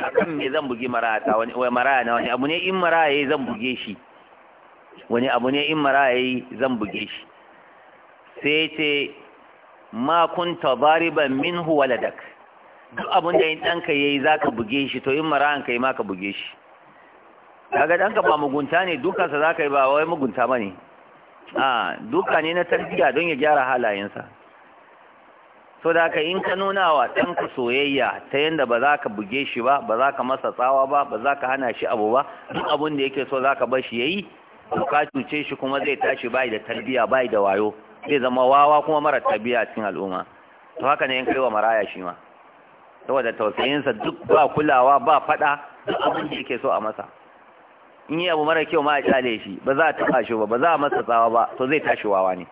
la kan me zan buge maraya wani wai maraya na wani abu ne in maraya yayi zan buge shi wani abu ne in maraya yayi zan buge shi sai ce ma kunta dariban minhu waladak duk abun da in danka yayi zaka buge shi to in marayan kai ma ka buge shi kaga danka ba mugunta ne dukansa zaka yi ba wai mugunta bane a ah, duka ne na tarbiya don ya gyara halayensa so da ka in ka nuna wa ɗanka soyayya ta yadda ba za ka buge shi ba ba za ka masa tsawa ba ba za ka hana shi abu ba duk abin da yake so za ka bar shi ya yi to ka cuce shi kuma zai tashi bai da tarbiya bai da wayo zai zama wawa kuma mara tarbiya cikin al'umma to haka ne in kai wa maraya shi ma saboda tausayinsa duk ba kulawa ba faɗa duk abin da yake so a masa in yi abu mara kyau ma a kyale shi ba za a taɓa shi ba ba za a masa tsawa ba to zai tashi wawa ne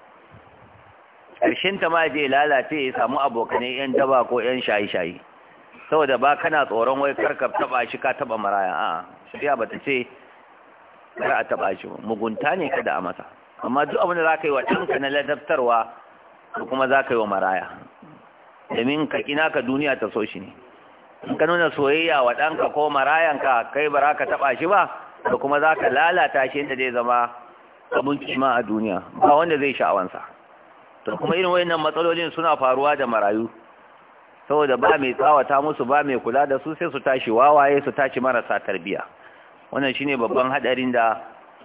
ƙarshen ta ma je lalace ya samu abokanai yan daba ko yan shayi-shayi saboda ba kana tsoron wai karka taba shi ka taba maraya a shari'a bata ce kar a taba shi mugunta ne kada a masa amma duk abin da ka yi wa ɗanka na ladabtarwa ko kuma za ka yi wa maraya domin ka kina ka duniya ta so shi ne in ka nuna soyayya wa ɗanka ko marayanka kai ba ka taba shi ba ko kuma za ka lalata shi inda zai zama abun kima a duniya ba wanda zai sha'awansa to kuma irin wayannan matsalolin suna faruwa da marayu saboda ba mai tsawata musu ba mai kula da su sai su tashi wawaye su tashi marasa tarbiya wannan shine babban hadarin da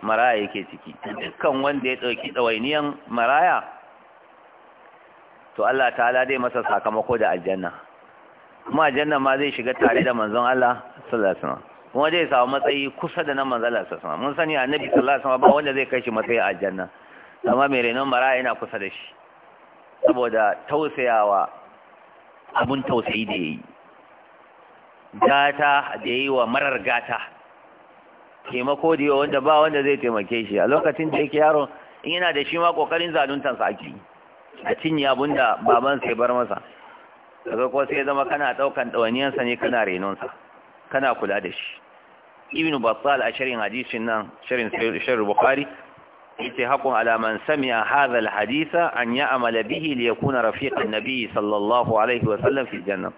maraya yake ciki dukkan wanda ya dauki dawainiyan maraya to Allah ta'ala dai masa sakamako da aljanna kuma aljanna ma zai shiga tare da manzon Allah sallallahu alaihi wasallam kuma zai samu matsayi kusa da na manzon Allah sallallahu alaihi wasallam mun sani annabi sallallahu alaihi wasallam ba wanda zai kai shi matsayi a aljanna amma mai renon maraya yana kusa da shi saboda tausayawa abun tausayi da yayi gata da yayi wa marar gata taimako da yawa wanda ba wanda zai taimake shi a lokacin da yake yaron in yana da shi ma kokarin zaluntan sa ake a cinye abun da baban sai bar masa daga ko sai zama kana ɗaukan dawaniyansa ne kana renonsa kana kula da shi ibnu basal a shirin hadisin nan shirin shirin bukhari yace haqqun ala man sami'a hadha alhaditha an ya'mala bihi li yakuna rafiqan nabiy sallallahu alaihi wa sallam fi janna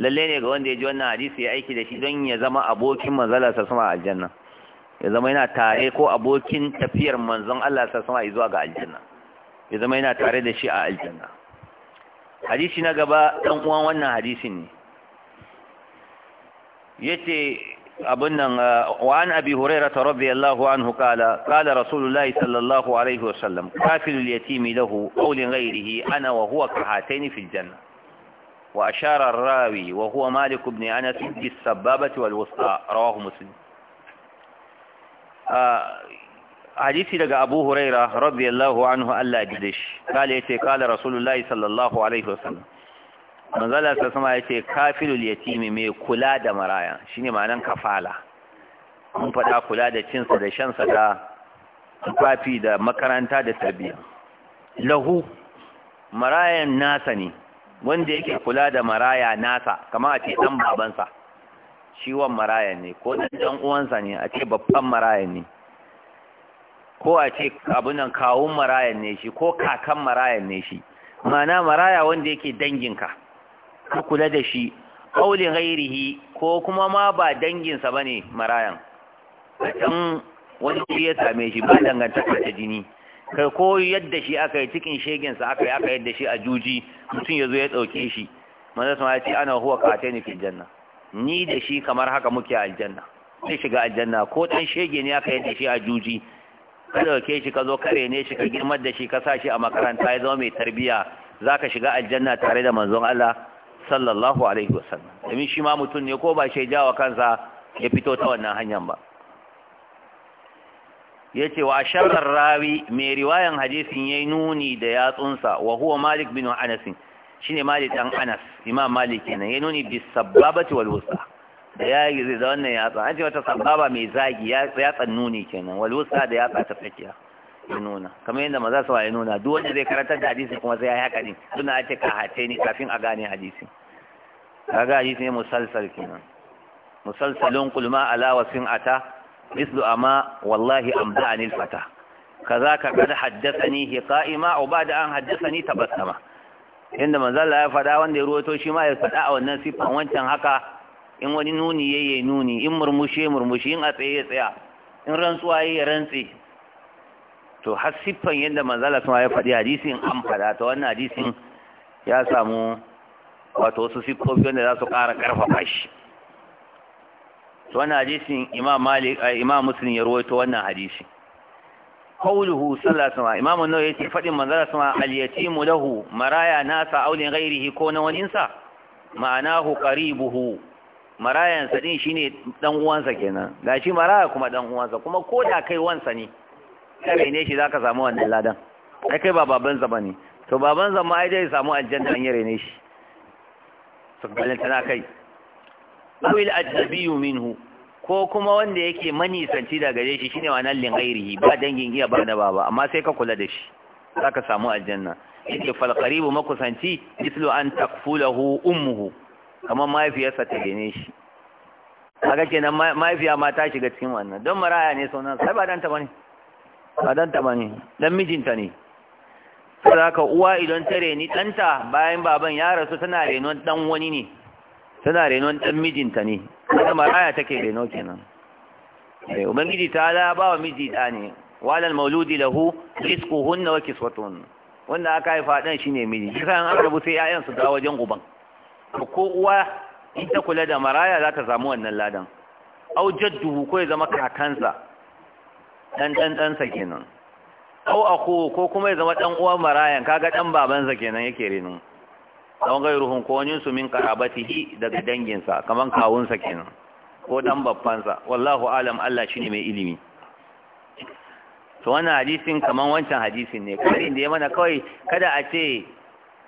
lalle ne ga wanda ya ji wannan hadisi ya aiki da shi don ya zama abokin manzala sa sama aljanna ya zama yana tare ko abokin tafiyar manzon Allah sa sama zuwa ga aljanna ya zama yana tare da shi a aljanna hadisi na gaba dan uwan wannan hadisin ne yace abin nan ah, wa an abi rabbi allahu anhu hukala qala rasulullahi sallallahu alaihi wasallam kafilul yatimi lahu ƙaunin ghayrihi ana wa huwa kahataini fil janna wa ashara ar-rawi wa huwa malik ibn anas bis sababati wal wusta rawahu muslim ah, hadisi daga abu huraira allahu anhu Allah ya ji shi kala yace kala rasulullahi sallallahu alaihi wasallam manzala ta sama ya ce kafilul yatimi mai kula da maraya shine ma'anan kafala mun faɗa kula da cinsa da shansa da tufafi da makaranta da tarbiyya lahu marayan nasa ne wanda yake kula da maraya nasa kama a ce ɗan babansa ciwon marayan ne ko ɗan uwansa ne a ce babban marayan ne ko a ce abunan kawun marayan ne shi ko kakan marayan ne shi mana maraya wanda yake danginka ka kula da shi ƙaulin ghairihi ko kuma ma ba danginsa ba ne marayan a can wani ya same shi ba dangantaka ta jini kai ko yadda shi aka yi cikin shegensa aka yi aka yadda shi a juji mutum ya zo ya ɗauke shi manzan sama ya ce ana huwa ka ta nufin janna ni da shi kamar haka muke aljanna zai shiga aljanna ko ɗan shege ne aka yadda shi a juji ka ɗauke shi ka zo kare ne shi ka girmar da shi ka sa shi a makaranta ya zama mai tarbiyya za ka shiga aljanna tare da manzon Allah sallallahu alaihi wasallam domin shi ma mutum ne ko ba shi ja wa kansa ya fito ta wannan hanyar ba ya ce wa sharar rawi mai riwayan hadisin ya yi nuni da yatsunsa wa huwa malik bin anas shi ne malik ɗan anas imam malik kenan ya nuni bi sababati wal wusa da ya yi zai da wannan yatsa an ce wata sababa mai zagi yatsan nuni kenan walwusa da yatsa ta tsakiya ya nuna kamar yadda maza su ya nuna duk wanda zai karantar da hadisi kuma sai ya haka din suna ake ka hace ni kafin a gane hadisi kaga hadisi ne musalsal kenan musalsalun kulma ala wasin ata mislu amma wallahi anil fata kaza ka kad haddathani qa'ima aw ba'da an haddathani tabassama inda manzala ya faɗa wanda ya ruwato shi ma ya faɗa a wannan siffan wancan haka in wani nuni ya nuni in murmushi ya murmushi in a tsaye ya tsaya in rantsuwa ya yi rantsi to har siffan yadda manzala sun ya faɗi hadisin an faɗa ta wannan hadisin ya samu wato su siffofi wanda za su ƙara ƙarfafa shi to wannan hadisin imam malik eh, imam muslim ya rawaito wannan hadisi qawluhu sallallahu alaihi wasallam imam an-nawawi yace faɗin manzala sun al-yatimu lahu maraya nasa aulin ghairihi ko na wani insa ma'anahu qaribuhu marayan sa din shine dan uwansa kenan gashi maraya kuma dan uwansa kuma koda kai wansa ne ka ne shi zaka samu wannan ladan ai kai ba baban zama ne to baban zama ai dai samu aljanna an yi ne shi sabbin tana kai awil ajnabiyyu minhu ko kuma wanda yake manisanci daga gare shi shine wannan lingairihi ba dangin iya ba na baba amma sai ka kula da shi zaka samu aljanna yake fal qaribu makusanci mislu an takfulahu ummuhu kamar mahaifiyarsa ta gane shi kaga kenan mahaifiya ma ta shiga cikin wannan don maraya ne sunan sai ba dan ta bane ba ta ba ne dan mijinta ne za ka uwa idan tare ni ɗanta bayan baban ya rasu tana renon ɗan wani ne tana renon ɗan mijinta ne wata maraya take reno kenan eh, ubangiji ta la ba wa miji ɗa ne walal mauludi lahu hunna, wa kiswatun wanda aka haifa ɗan shine miji shi kan an sai ƴaƴan su da wajen guban. ko uwa in ta kula da maraya za ta samu wannan ladan au jadduhu ko ya zama kakansa Ɗanɗanɗansa sa kenan au a ko kuma ya zama dan uwan marayan kaga dan babansa kenan yake reno don ruhun ko wani su min karabatihi daga danginsa kaman kawunsa kenan ko ɗan babbansa wallahu alam Allah ne mai ilimi to wannan hadisin kamar wancan hadisin ne kai da ya mana kawai kada a ce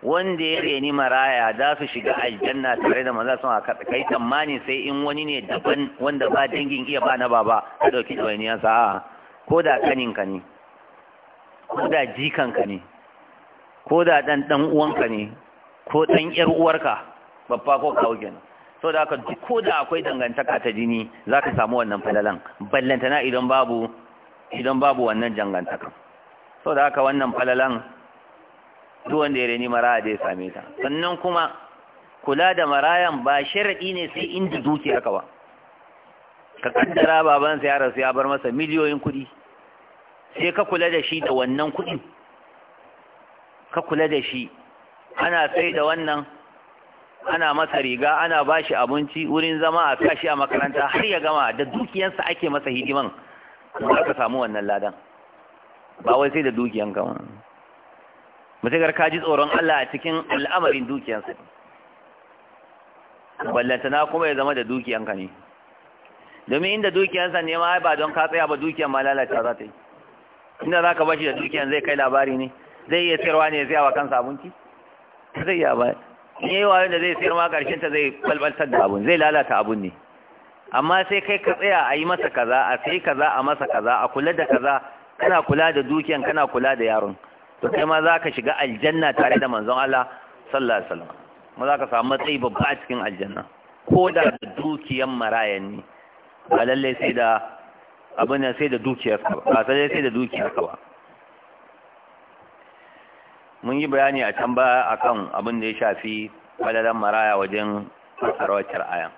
wanda ya reni maraya za su shiga aljanna tare da manzo sun aka kai tsammani sai in wani ne daban wanda ba dangin iya ba na baba ka ɗauki ɗawainiyarsa. a'a ko da kaninka ne ko da jikanka ne ko da dan dan uwanka ne ko dan yar uwarka babba ko kawo kenan so da ko da akwai dangantaka ta jini za ka samu wannan falalan ballantana idan babu idan babu wannan dangantaka so da aka wannan falalan duk wanda ya reni maraya da ya same ta sannan kuma kula da marayan ba sharadi ne sai inda ka ba ka kaddara babansa ya rasu ya bar masa miliyoyin kuɗi sai ka kula da shi da wannan kuɗin ka kula da shi ana sai da wannan ana masa riga ana ba shi abinci wurin zama a kashi a makaranta har ya gama da dukiyansa ake masa hidiman za ka samu wannan ladan ba wai sai da dukiyan gama mutugar ka ji tsoron Allah a cikin al'amarin dukiyansa ballantana kuma ya zama da dukiyanka ne domin inda dukiyarsa ne nema ba don ka tsaya ba dukiyar ma lalata za ta yi inda za ka bashi da dukiyar zai kai labari ne zai iya sayarwa ne ya tsaya wa kansa abinci zai iya ba in yi wayo da zai sayar ma karshen ta zai balbaltar da abun zai lalata abun ne amma sai kai ka tsaya a yi masa kaza a sai kaza a masa kaza a kula da kaza kana kula da dukiyan kana kula da yaron to kai ma za ka shiga aljanna tare da manzon Allah sallallahu alaihi wasallam kuma za ka samu matsayi babba a cikin aljanna ko da dukiyan marayan ne ba sai da abin nan sai da dukiyar ka ba sai da dukiyar ka ba mun yi bayani a can ba akan abin da ya shafi falalan maraya wajen sarautar ayan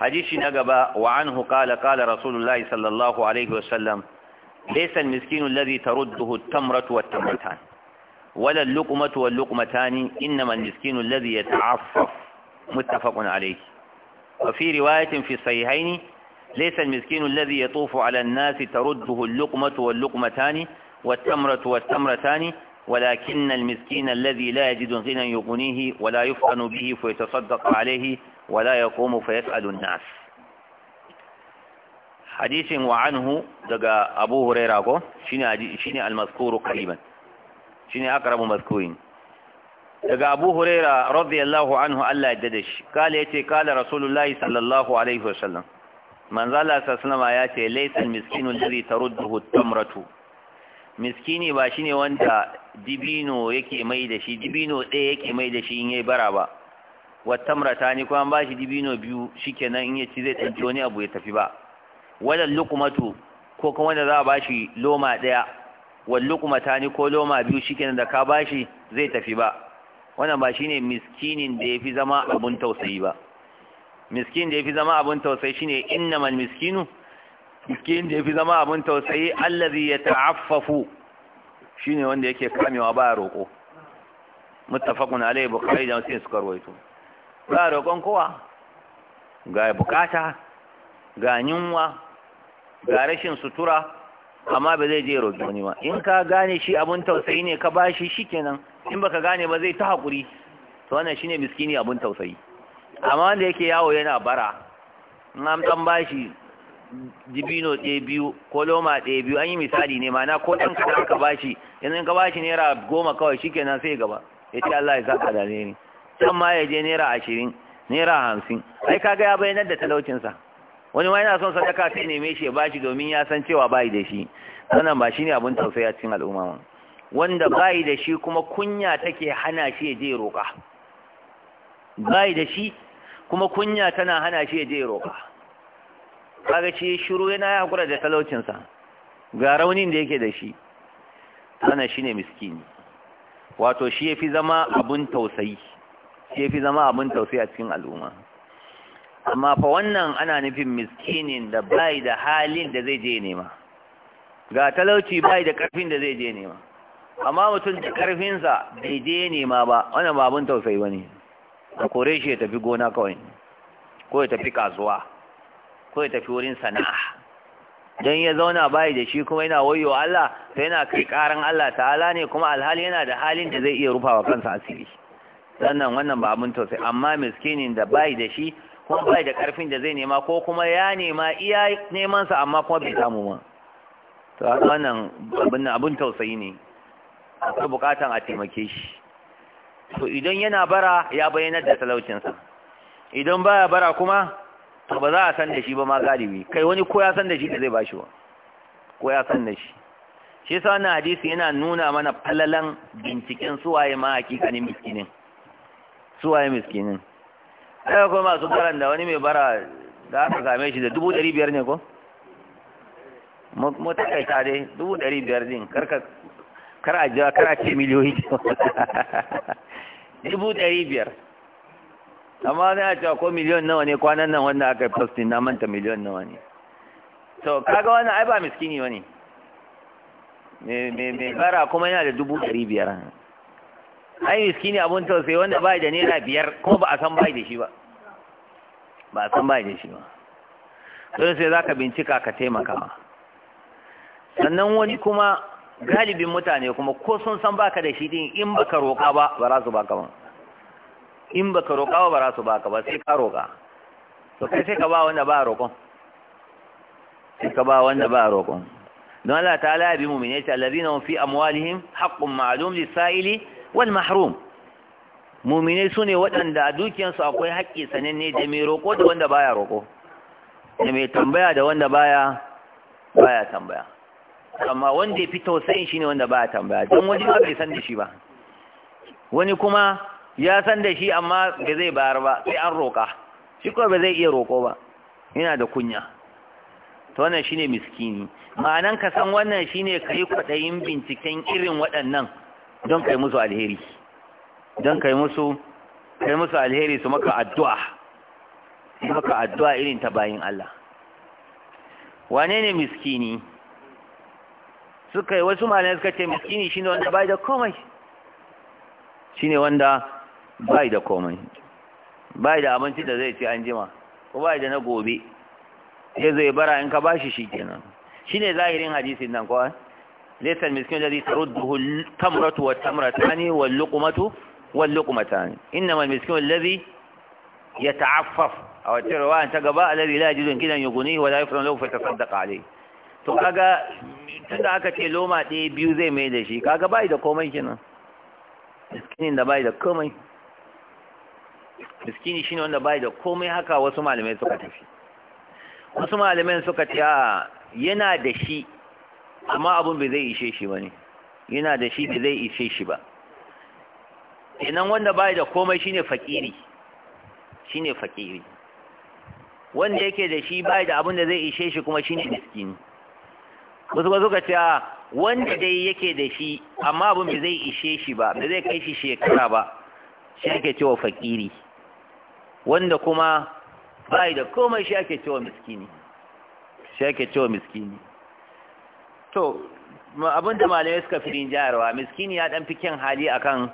hadisi na gaba wa anhu qala qala rasulullahi sallallahu alaihi wasallam ليس المسكين الذي ترده التمرة والتمرتان ولا اللقمة واللقمتان إنما المسكين الذي يتعفف متفق عليه وفي رواية في الصحيحين ليس المسكين الذي يطوف على الناس ترده اللقمة واللقمتان والتمرة والتمرتان ولكن المسكين الذي لا يجد غنى يغنيه ولا يفطن به فيتصدق عليه ولا يقوم فيسأل الناس حديث وعنه دقى أبو هريرة شنو المذكور قريبا شنو أقرب مذكورين daga abu huraira radiyallahu anhu Allah ya da shi kala yace kala rasulullahi sallallahu alaihi wasallam manzo Allah sallallahu ya ce laysal miskinu alladhi tarudduhu tamratu miskini ba shine wanda dibino yake mai da shi dibino ɗaya yake mai da shi in yayi bara ba wattamrata ni kuma ba shi dibino biyu shikenan in yace zai tsanci wani abu ya tafi ba wala luqmatu ko kuma wanda za a ba shi loma ɗaya wal luqmata ni ko loma biyu shikenan da ka ba shi zai tafi ba wannan ba shine miskinin da yafi zama abun tausayi ba miskin da yafi zama abun tausayi shine innamal miskinu miskin da yafi zama abun tausayi allazi yata'affafu shine wanda yake kamewa ba roko muttafaqun alayhi bukhari da muslim suka rawaito ba roƙon kowa ga bukata ga yunwa ga rashin sutura amma ba zai je roƙi wani ba in ka gane shi abun tausayi ne ka bashi shikenan in baka gane ba zai ta hakuri to wannan shine miskini abun tausayi amma wanda yake yawo yana bara in an dan bashi dibino ɗaya biyu ko loma ɗaya biyu an yi misali ne mana ko ɗan ka ka bashi yanzu ka bashi naira goma kawai shikenan sai gaba ya ce Allah ya saka da ne can ma ya je naira ashirin naira hamsin ai kaga ya bayyana da talaucinsa wani ma yana son sadaka sai neme shi ya bashi domin ya san cewa bayi da shi sannan ba shine abin tausayi a cikin al'umma mu wanda bayi da shi kuma kunya take hana shi ya je roƙa bayi da shi kuma kunya tana hana shi ya je roƙa kaga shi shiru yana ya hakura da talaucin sa ga raunin da yake da shi shi shine miskini wato shi yafi zama abun tausayi shi yafi zama abun tausayi a cikin al'umma amma fa wannan ana nufin miskinin da bai da halin da zai je nema ga talauci bai da karfin da zai je nema amma mutum da karfinsa bai je nema ba wannan ba abin tausayi ba ne a kore shi ya tafi gona kawai ko ya tafi kasuwa ko ya tafi wurin sana'a don ya zauna bai da shi kuma yana wayo Allah sai yana kai karan Allah ta'ala ne kuma alhali yana da halin da zai iya rufawa kansa asiri sannan wannan ba abin tausayi amma miskinin da bai da shi ko bai da karfin da zai nema ko kuma ya nema iya neman sa amma kuma bai samu ma to a wannan abin abin tausayi ne akwai bukatan a taimake shi to idan yana bara ya bayyana da talaucin sa idan baya bara kuma to ba za a san da shi ba ma galibi kai wani ko ya san da shi da zai bashi wa? ko ya san da shi shi sa wannan hadisi yana nuna mana falalan binciken suwaye ma hakikanin miskinin suwaye miskinin ɗaya kuma masu karan da wani mai bara da aka same shi da dubu ɗari biyar ne ko ta dai dubu ɗari biyar din karka kar a jira kar a ce miliyoyi dubu ɗari biyar amma wani a cewa ko miliyon nawa ne kwanan nan wanda aka yi postin na manta miliyon nawa ne to kaga wannan ai ba miskini wani mai bara kuma yana da dubu ɗari biyar ai miskini abun tausayi wanda ba da naira biyar ko ba a san ba da shi ba ba a san ba da shi ba don sai zaka bincika ka taimaka ma sannan wani kuma galibin mutane kuma ko sun san baka da shi din in baka roƙa ba ba za su baka ba in baka roƙa ba ba za su baka ba sai ka roƙa to kai sai ka ba wanda ba rokon sai ka ba wanda ba roƙon don Allah ta'ala ya bi mu'mini ta allazina fi amwalihim haqqun ma'lum lis-sa'ili wal mahrum muminai su ne waɗanda a dukiyansu akwai haƙƙi sananne da mai roƙo da wanda baya roƙo da mai tambaya da wanda baya baya tambaya amma wanda ya fi tausayin shi ne wanda baya tambaya don wani ba bai san da shi ba wani kuma ya san da shi amma bai zai bayar ba sai an roƙa shi kuma ba zai iya roƙo ba yana da kunya to wannan shine miskini ma'anan ka san wannan shine kai kwaɗayin binciken irin waɗannan don kai musu alheri don kai musu kai musu alheri su maka addu'a su maka addu'a irin ta bayin Allah wane ne miskini suka yi wasu malamai suka ce miskini shine wanda bai da komai shine wanda bai da komai bai da abinci da zai ci an jima ko bai da na gobe sai zai bara in ka bashi shikenan shine zahirin hadisin nan kawai laysa al-miskinu alladhi tarudduhu al-tamratu wat-tamratani wal-luqmatu wal-luqmatani innama al-miskinu alladhi yata'affaf ta gaba alladhi la yajidu kidan yughnihi wa la yafrun lahu fa tasaddaqa alayhi to kaga tunda aka ce loma biyu zai mai da shi kaga bai da komai kenan miskinin da da komai da komai haka wasu malamai suka tafi wasu malamai suka ce yana da shi amma abun bai zai ishe shi ba ne yana da shi bai zai ishe shi ba inan wanda bai da komai shine fakiri shine fakiri wanda yake da shi bai da abun da zai ishe shi kuma shine miskini wasu wasu ka ce wanda dai yake da shi amma abun bai zai ishe shi ba bai zai kai shi shekara ba shi ake cewa fakiri wanda kuma bai da komai shi ake cewa miskini shi ake cewa miskini to abinda da malamai suka fi rinjayarwa miskini ya dan fi kyan hali akan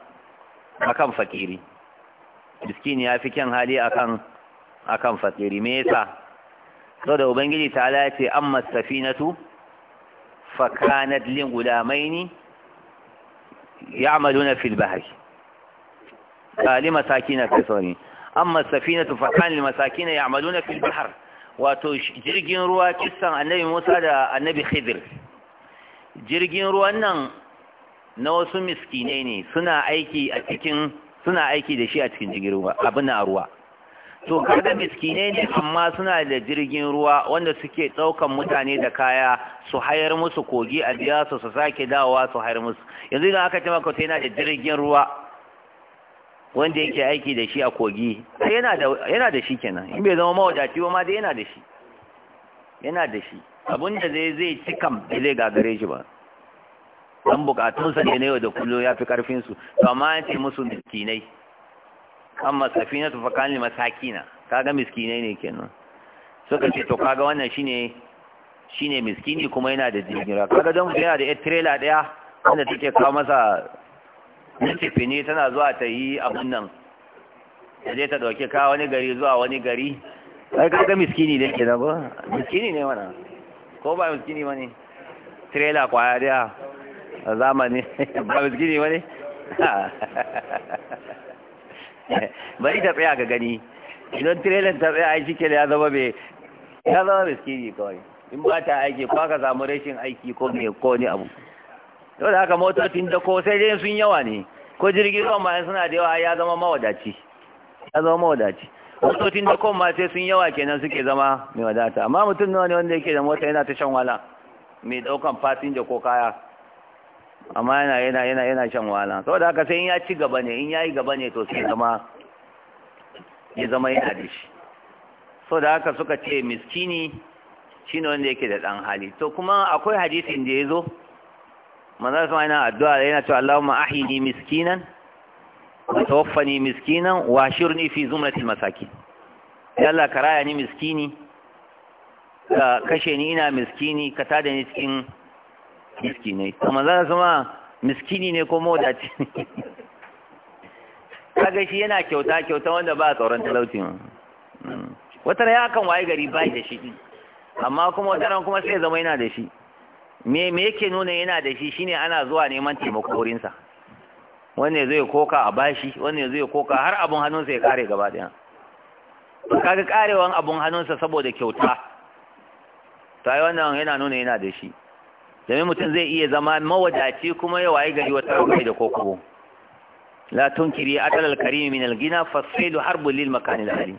akan fakiri miskini ya fi kyan hali akan akan fakiri me yasa saboda ubangiji ta ala ce amma safinatu fa kanat lin gulamaini ya'maluna fil bahri kali masakina kasoni amma safinatu fa kan lil masakina ya'maluna fil bahr wato jirgin ruwa kissan annabi Musa da annabi Khidir jirgin ruwan nan na wasu miskinai ne suna aiki a cikin suna aiki da shi a cikin jirgin ruwa abin a ruwa to kaga miskinai ne amma suna da jirgin ruwa wanda suke ɗaukan mutane da kaya su hayar musu kogi a biya su su sake dawowa su hayar musu yanzu idan aka ce maka to yana da jirgin ruwa wanda yake aiki da shi a kogi yana da yana da shi kenan in bai zama mawadaci ba ma dai yana da shi yana da shi abin da zai zai ci kam da zai gagare shi ba dan bukatunsa ne na yau da kullum ya fi ƙarfinsu. to amma ya ce musu miskinai amma safina tu fakani masakina kaga miskinai ne kenan suka ce to kaga wannan shine shine miskini kuma yana da jingira kaga don yana da yar trailer daya wanda take kawo masa nitifi ne tana zuwa ta yi abun nan da zai ta dauke kawo wani gari zuwa wani gari ai kaga miskini ne kenan ba miskini ne wannan ko ba miskini ba ne trela kwaya daya a zamani ba miskini ba ne bari ta tsaya ga gani idan trailer ta tsaya aiki ke ya zama mai ya zama miskini kawai in ba ta aiki ko aka samu rashin aiki ko ne ko ni abu yau da haka motocin da ko sai dai sun yawa ne ko jirgin ruwan ma suna da yawa ya zama mawadaci ya zama mawadaci motocin da kuma sai sun yawa kenan suke zama mai wadata amma mutum nawa ne wanda yake da mota yana ta shan wala mai daukan fasinja ko kaya amma yana yana yana yana shan wala saboda haka sai in ya ci gaba ne in yayi gaba ne to sai zama ya zama yana da shi saboda haka suka ce miskini shine wanda yake da dan hali to kuma akwai hadisin da yazo manzo sai yana addu'a yana cewa Allahumma ahini miskinan wa tawaffani miskinan في زمرة المساكين يلا كراياني مسكيني كشيني ka raya ni miskini مسكيني kashe ni ina مسكيني ka tada ni cikin ne ko kaga shi yana kyauta kyauta wanda ba tsoron talauci hmm. wata ya kan waye gari bai da shi amma kuma wata ran kuma sai zama yana da shi me me yake nuna yana da shi shine ana zuwa neman taimako wurinsa wani zai koka a bashi wani zai koka har abun hannunsa ya kare gaba ɗaya kaga karewan abun hannunsa saboda kyauta ta yi wannan yana nuna yana da shi domin mutum zai iya zama mawadaci kuma ya waye gari wata rukai da kokobo la tunkiri atalal karimi min algina fasailu harbul lil makani alim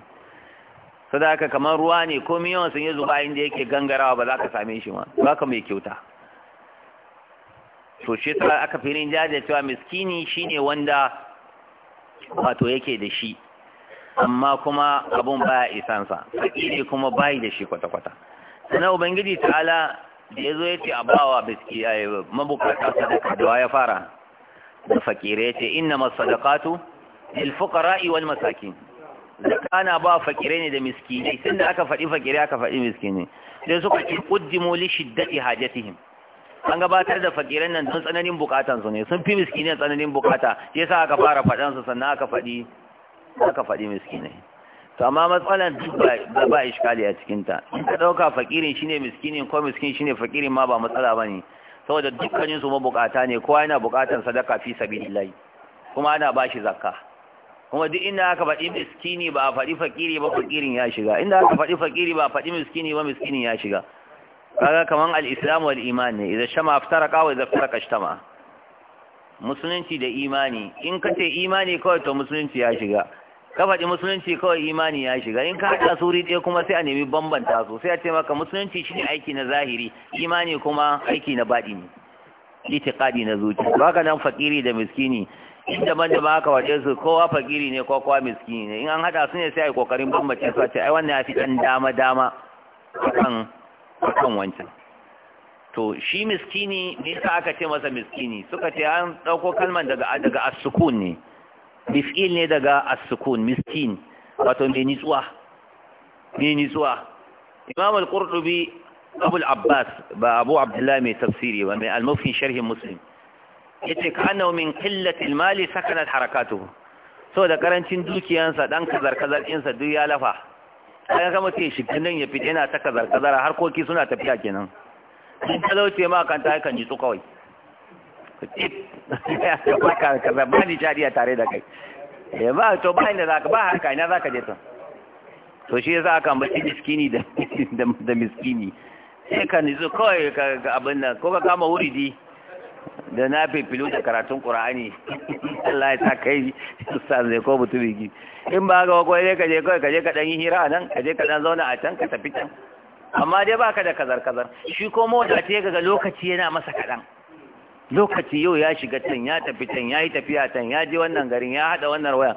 sadaka kamar ruwa ne ko miyawan sun yi zuba inda yake gangarawa ba za ka same shi ma ba ka mai kyauta to shi ta aka firin jaje cewa shi ne wanda wato yake da shi amma kuma abun baya isansa fakiri kuma bayi da shi kwata-kwata sannan ubangiji ta ala da ya zo ya ce a bawa eh, mabukata sadaka da ya fara da fakire ya ce inna masadakatu ilfukara'i wal masakin zakana ba fakire ne da miskini da aka faɗi fakire aka faɗi miskini sai suka ce quddimu li shiddati hajatihim an gabatar da fakiran nan don tsananin bukatan su ne sun fi miskinin tsananin bukata shi yasa aka fara faɗan su sannan aka faɗi aka fadi miskinai to amma matsalan duk ba ba iskali a cikin ta in ka dauka fakirin shine miskinin ko miskin shine fakirin ma ba matsala bane saboda dukkanin su mabukata ne kowa yana bukatan sadaka fi sabilillah kuma ana bashi zakka kuma duk inda aka faɗi miskini ba a faɗi fakiri ba fakirin ya shiga inda aka faɗi fakiri ba a faɗi miskini ba miskinin ya shiga kaga kaman al-islam wal iman ne idan shama aftaraka wa idan faraka shama musulunci da imani in ka ce imani kawai to musulunci ya shiga ka faɗi musulunci kawai imani ya shiga in ka haɗa suri ɗaya kuma sai a nemi bambanta su sai a ce maka musulunci shine aiki na zahiri imani kuma aiki na baɗini itiqadi na zuci baka nan fakiri da miskini in daban da haka waje su kowa fakiri ne ko kowa miskini ne in an haɗa su ne sai a yi kokarin bambance su a ce ai wannan ya fi ɗan dama dama akan wancan to shi miskini me yasa aka ce masa miskini suka ce an dauko kalman daga daga as-sukun ne Miskin ne daga as-sukun miskin wato mai nitsuwa mai nitsuwa imam al-qurtubi abu al-abbas ba abu abdullahi mai tafsiri ba mai al-mufti sharhin muslim yace ka annahu min qillati al-mali sakanat harakatuhu saboda karancin dukiyansa dan kazar kazar insa duk ya lafa kayan kama ke shiga nan ya fita yana ta kazar kazara harkoki suna tafiya kenan in talauce ma kan ta haikan jitsu kawai kaza ba ni jadi a tare da kai ya eh, ba to ba inda zaka ba harka ina zaka je tun to shi yasa aka ambaci miskini da da miskini sai ka nizo kawai ka abin nan ko ka kama wuri di da na fifilu da karatun ƙura'ani. Allah ya sa kai sa zai ko mutumin gi in ba ga ko ne ka je kaje ka je ka yi hira nan ka je ka ɗan zauna a can ka tafi can amma dai baka da kazar kazar shi ko mota ce ga lokaci yana masa kaɗan. lokaci yau ya shiga can ya tafi can ya yi tafiya can ya je wannan garin ya haɗa wannan waya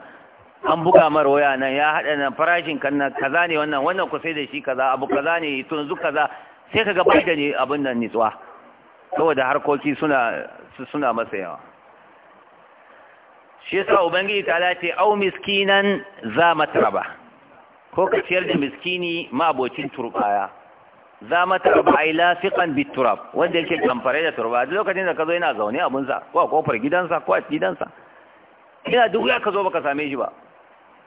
an buga mar waya nan ya haɗa nan farashin kanna kaza ne wannan wannan ku sai da shi kaza abu kaza ne tunzu kaza sai kaga bai da ne abin nan nitsuwa saboda harkoki suna suna masa yawa shi yasa ubangiji ta lati au miskinan za matraba ko ka ciyar da miskini mabocin turbaya za matraba ai lafiqan bit turab wanda yake kamfare da turba duk lokacin da ka zo yana zaune abunsa ko a kofar gidansa ko a gidansa ina duk ya ka zo baka same shi ba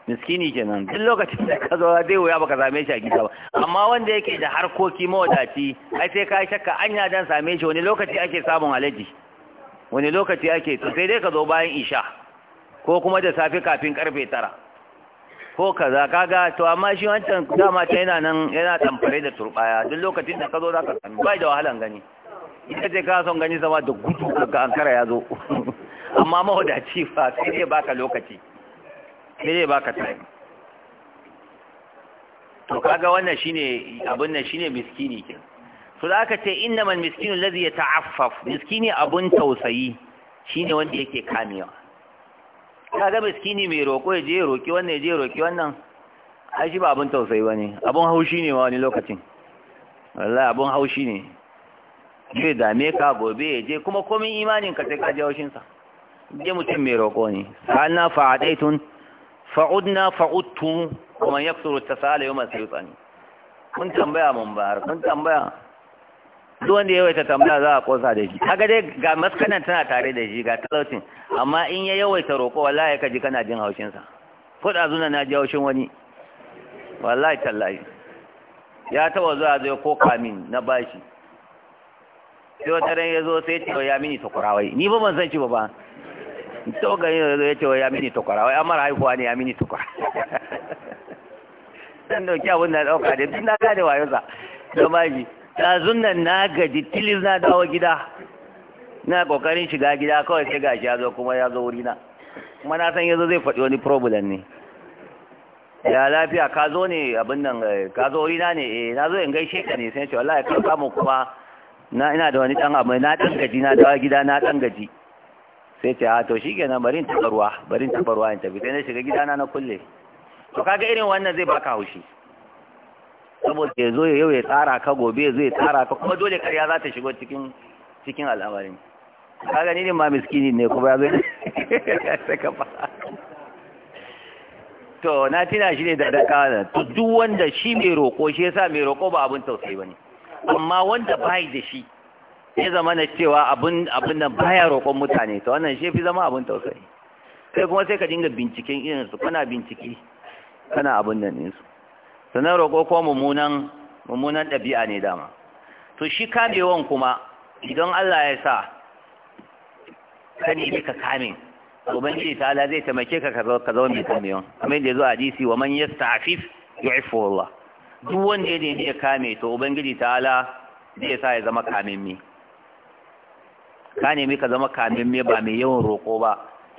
miskini kenan duk lokacin da ka zo zai wuya baka same shi a gida ba amma wanda yake da harkoki mawadaci ai sai ka shakka anya dan same shi wani lokaci ake samun alaji wani lokaci ake to sai dai ka zo bayan isha ko kuma da safe kafin karfe tara ko kaza kaga to amma shi wancan dama ta yana nan yana tamfare da turbaya duk lokacin da ka zo zaka sami bai da wahalan gani ita ce ka son gani sama da gudu daga ankara ya zo amma mawadaci fa sai dai baka lokaci me zai baka time to kaga wannan shine abun nan shine miskini kin so da aka ce man miskinu allazi yata'affaf miskini abun tausayi shine wanda yake kamewa kaga miskini mai roko ya je roki wannan ya je roki wannan ai shi ba abun tausayi bane abun haushi ne wani lokacin wallahi abun haushi ne zai dame ka gobe ya je kuma komin imanin ka sai ka je haushin sa je mutum mai roko ne sanna fa'adaitun fa'udna fa'udtu kuma yaksuru tasala yawma sayutani kun tambaya mun bayar kun tambaya duk wanda yawaita tambaya za a kosa da shi Haka dai ga maskanan tana tare da shi ga talautin amma in ya yawaita roƙo wallahi ka ji kana jin haushinsa. sa kuɗa zuna na ji haushin wani wallahi tallahi ya taɓa zuwa zai ko kamin na bashi sai wata ran ya zo sai ce ya mini ta kurawai ni ba ban san shi ba ba yanzu ya ce ya mini tukwara wai amara haihuwa ne ya mini tukwara dan dauki abin da dauka da tun na gane wayonsa da maji ta nan na gaji tilis na dawo gida na kokarin shiga gida kawai sai gashi ya zo kuma ya zo wurina kuma na san yanzu zai faɗi wani problem ne ya lafiya ka zo ne abin nan eh, ka zo wurina ne eh na zo in gaishe ka ne sai ce wallahi ka samu kuma na ina da wani dan abu na dan gaji na dawo gida na dan gaji sai ce a ah, to shi kenan barin taɓa ruwa barin taɓa ruwa in tafi sai na shiga gidana na kulle to kaga irin wannan zai baka haushi saboda ya zo yau ya tsara ka gobe zai tsara ka kuma dole karya za ta shigo cikin cikin al'amarin kaga ni ne ma miskini ne kuma ya zo ya ka ba to na tina shi ne da daka da to duk wanda shi mai roko shi yasa mai roko ba abin tausayi bane amma wanda bai da shi sai zama na cewa abin abin nan baya roƙon mutane to wannan shi fi zama abin tausayi sai kuma sai ka dinga binciken irin su kana bincike kana abin nan din su sannan roƙo ko mummunan mummunan ɗabi'a ne dama to shi kamewan kuma idan Allah ya sa ka ne ka kame ubangiji ta Allah zai taimake ka ka zama mai kamewan kamar yadda ya zo a hadisi wa man yasta'fif yu'iffu Allah duk wanda ya ne ya kame to ubangiji ta Allah zai sa ya zama mai ka nemi ka zama kamin me ba mai yawan roƙo ba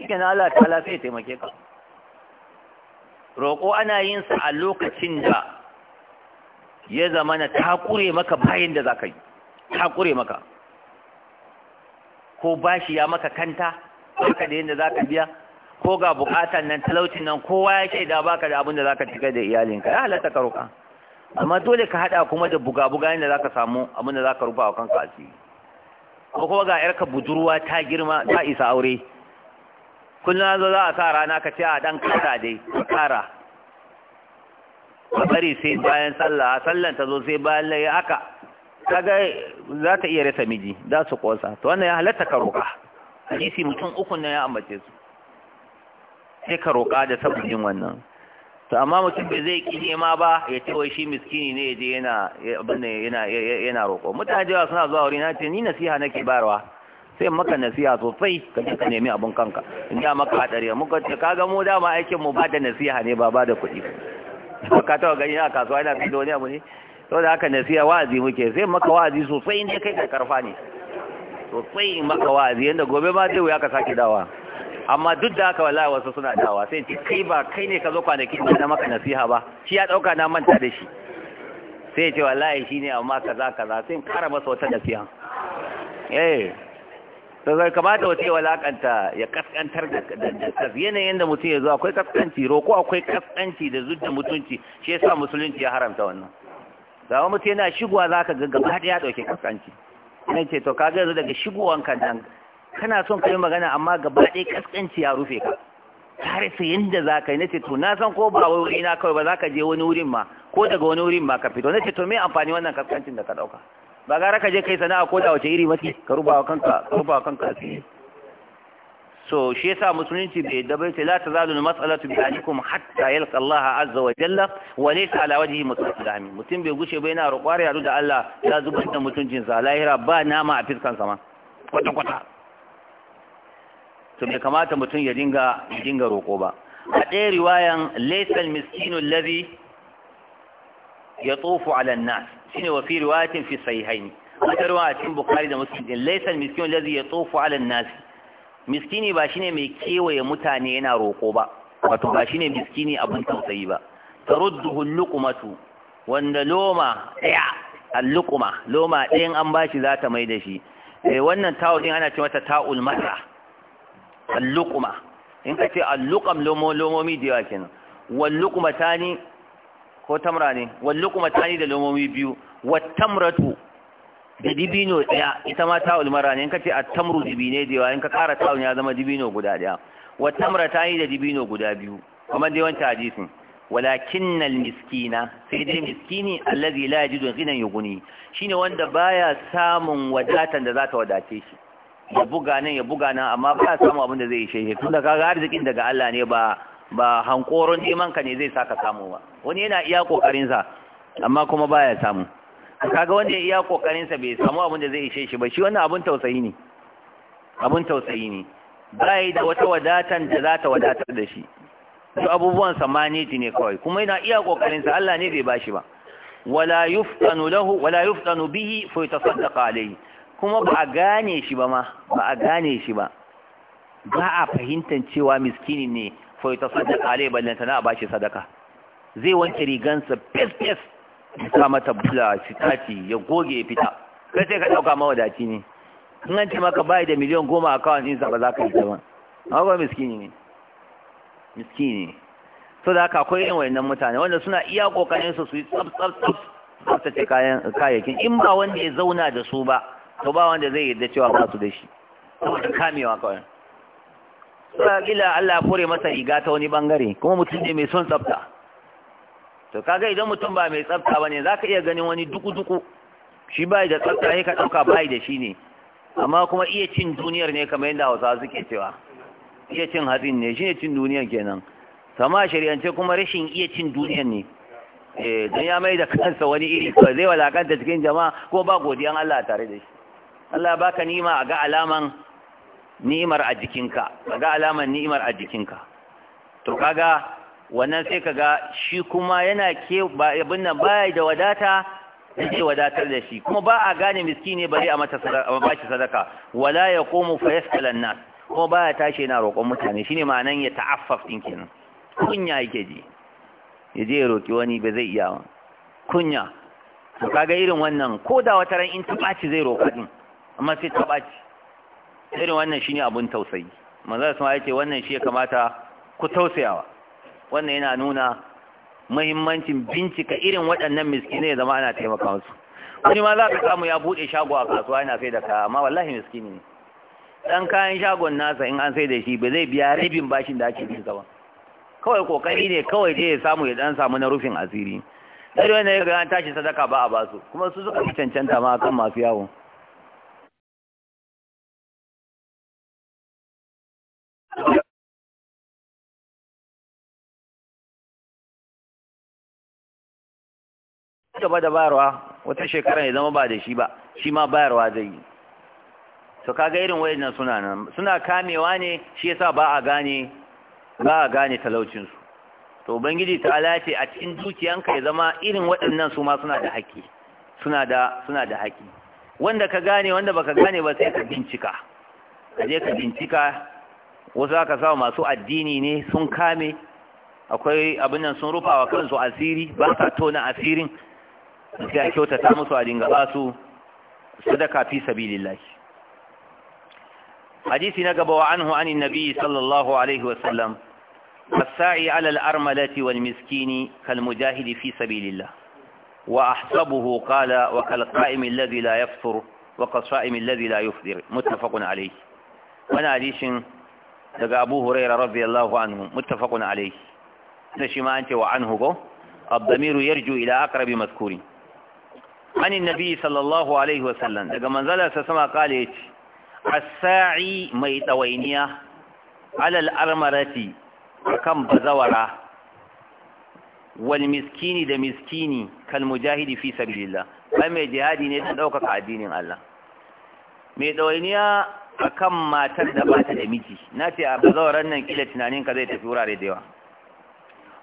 na Allah ta lafiya taimake ka roƙo ana yin sa a lokacin da ya zama na takure maka bayan da za ka yi takure maka ko bashi ya maka kanta baka da yadda za ka biya ko ga bukatan nan talaucin nan kowa ya ce da baka da abin da za ka cika da iyalinka ya halatta ka roƙa amma dole ka haɗa kuma da buga-buga yadda za ka samu abin da za ka rufa wa kanka asiri ko kuma ga yarka budurwa ta girma ta isa aure kullum zo za a sa rana ka ce a dan kara dai kara a bari sai bayan sallah a sallan ta zo sai bayan laye haka kaga za ta iya rasa miji za su kosa to wannan ya halatta ka roƙa hadisi mutum uku ne ya ambace su sai ka roƙa da sabbin wannan to amma mutum bai zai ki ma ba ya ce wai shi miskini ne ya je yana yana yana roƙo mutane jawa suna zuwa wuri na ce ni nasiha nake bayarwa sai maka nasiha sosai ka je ka nemi abun kanka in da maka hadari muka ce kaga mu dama aikin mu ba da nasiha ne ba ba da kuɗi ba ka taɓa gani a kasuwa ina fito ne wani abu ne to da haka nasiha wa'azi muke sai maka wa'azi sosai in dai kai ka karfa ne sosai in maka wa'azi yanda gobe ma zai wuya ka sake dawa amma duk da haka wallahi wasu suna dawa sai ce kai ba kai ne ka zo kwanaki ba na maka nasiha ba shi ya dauka na manta da shi sai ce wallahi shine amma kaza kaza sai kara masa wata nasiha eh to zai kamata wace walakanta ya kaskantar da yanayin da mutum ya zo akwai kaskanci roko akwai kaskanci da zudda mutunci shi yasa musulunci ya haramta wannan wani mutum yana shigowa zaka ga gaba ya dauke kaskanci ne ce to kaga yanzu daga shigowan kan nan kana son ka yi magana amma gaba ɗaya kaskanci ya rufe ka tare su yadda za ka yi na ceto. na san ko ba wuri na kawai ba za ka je wani wurin ma ko daga wani wurin ma ka fito na ceto mai amfani wannan kaskancin da ka ɗauka ba gara ka je kai sana'a ko da wace iri mafi ka rubawa kanka ka rubawa kanka asiri so shi yasa musulunci bai dabai ce la tazalu mas'alatu bi alikum hatta yalqa Allah azza wa jalla wa laysa ala wajhi mutaqaddami mutum bai gushe bai yana roƙwar yaro da Allah ya zubar da mutuncin sa lahira ba nama a fiskan sa ma kwata kwata to bai kamata mutum ya dinga ya dinga roƙo ba a ɗaya riwayan laysal miskinu alladhi yatufu ala an-nas shine wa fi riwayatin fi sahihayn wata ruwa a cikin bukhari da muslim din laysal miskinu alladhi yatufu ala an-nas miskini ba shine mai kewaye mutane yana roƙo ba wato ba shine miskini abin tausayi ba tarudduhu al-luqmatu wanda loma ɗaya al-luqma loma ɗayan an bashi za ta mai da shi eh wannan ta'u din ana ce mata ta'ul masa al-luqma in ka ce al-luqam lomo lomomi da yake nan wal tani ko tamra ne wal tani da lomomi biyu wat tamratu da dibino daya ita ma tawul mara ne in ka ce at-tamru dibine da yawa in ka kara tawul ya zama dibino guda daya wat tani da dibino guda biyu kamar dai wancan hadisin ولكن المسكين سيد المسكين الذي لا يجد غنى يغني شنو وند بايا سامون وداتن wadatan وداتيشي ya buga nan ya buga nan amma ba a samu abin da zai yi shehe tunda kaga arzikin daga Allah ne ba ba hankoron iman ka ne zai saka samu ba wani yana iya kokarin sa amma kuma baya samu kaga wanda ya iya kokarin sa bai samu abin da zai ishe shi ba shi wannan abin tausayi ne abin tausayi ne bai da wata wadatan da za ta wadatar da shi to abubuwan sa maniji ne kawai kuma yana iya kokarin sa Allah ne bai bashi ba wala yuftanu lahu wala yuftanu bihi fa yatasaddaqa alayhi kuma ba a gane shi ba ma ba a gane shi ba ba a fahimtar cewa miskini ne fa ya tasaddaqa alai ballanta na bashi sadaka zai wanke rigansa pes fes ta mata bula sitati ya goge ya fita kai sai ka dauka mawadaci ne in an ce maka bai da miliyan goma a kawon ɗinsa ba za ka yi ta ba amma miskini ne miskini ne so da haka akwai yin wayannan mutane wanda suna iya kokarin su su yi tsaf tsaf tsaf tsaftace kayayyakin in ba wanda ya zauna da su ba to ba wanda zai yarda cewa ba su da shi saboda kamewa kawai sura kila Allah fure masa riga ta wani bangare kuma mutum ne mai son tsafta to kaga idan mutum ba mai tsafta bane zaka iya ganin wani duku duku shi bai da tsafta sai ka dauka bai da shi ne amma kuma iya cin duniyar ne kamar yadda Hausa suke cewa iya cin hadin ne shine cin duniyar kenan sama shari'ance kuma rashin iya cin duniyar ne eh dan ya mai da kansa wani iri zai walakanta cikin jama'a ko ba godiyan Allah tare da shi Allah baka nima a ga alaman ni'imar a jikinka a ga alaman ni'imar a jikinka to kaga wannan sai kaga shi kuma yana ke ba abin nan baya da wadata yake wadatar da shi kuma ba a gane ne bare a mata sadaka ba shi sadaka wala yaqumu fa yas'al an-nas kuma baya tashi yana roƙon mutane shine ma'anan ya ta'affaf din kenan kunya yake ji yaje ya roki wani ba zai iya kunya to kaga irin wannan ko da wataran in ta zai roƙa din amma sai ta ɓaci irin wannan shi ne abun tausayi manzo su ya wannan shi ya kamata ku tausayawa wannan yana nuna mahimmancin bincika irin waɗannan miskinai ya zama ana taimaka musu wani ma za ka samu ya buɗe shago a kasuwa yana sai da kaya amma wallahi miskini ne dan kayan shagon nasa in an sai da shi ba zai biya rabin bashin da ake bisa ba kawai kokari ne kawai je ya samu ya dan samu na rufin asiri Ɗari wanda ya ga an tashi sadaka ba a basu kuma su suka cancanta ma akan masu yawo gaba da bayarwa wata shekara ya zama ba da shi ba shi ma bayarwa zai yi to kaga irin wayannan suna nan suna kamewa ne shi yasa ba a gane ba a gane talaucin su to ubangiji ta alace a cikin dukiyanka ya zama irin waɗannan su ma suna da haƙƙi suna da suna da haƙƙi wanda ka gane wanda baka gane ba sai ka bincika ka je ka bincika wasu aka sa masu addini ne sun kame akwai abin nan sun rufa wa kansu asiri ba sa tona asirin sai a kyauta ta musu a dinga ba su sadaka fi sabili lahi hadisi na gaba wa anhu anin nabi sallallahu alaihi wasallam as-sa'i ala al-armalati wal miskini kal mujahidi fi sabilillah wa ahsabuhu qala wa kal qa'im alladhi la yafthur wa kal sha'im alladhi la yufthir muttafaqun alayhi wana hadisin daga abu huraira radiyallahu anhu muttafaqun alayhi sai shi ma an ce wa anhu go الضمير يرجو إلى أقرب مذكورين anin nabi sallallahu alaihi wasallam daga manzala sa sama kale yace as-sa'i mai dawainiya alal armarati kan bazawara wal miskini da miskini kal mujahidi fi sabilillah ba mai jihadi ne dan dauka addinin Allah mai dawainiya akan matar da ba ta da miji nace a bazawaran nan kila tunanin ka zai tafi wurare da yawa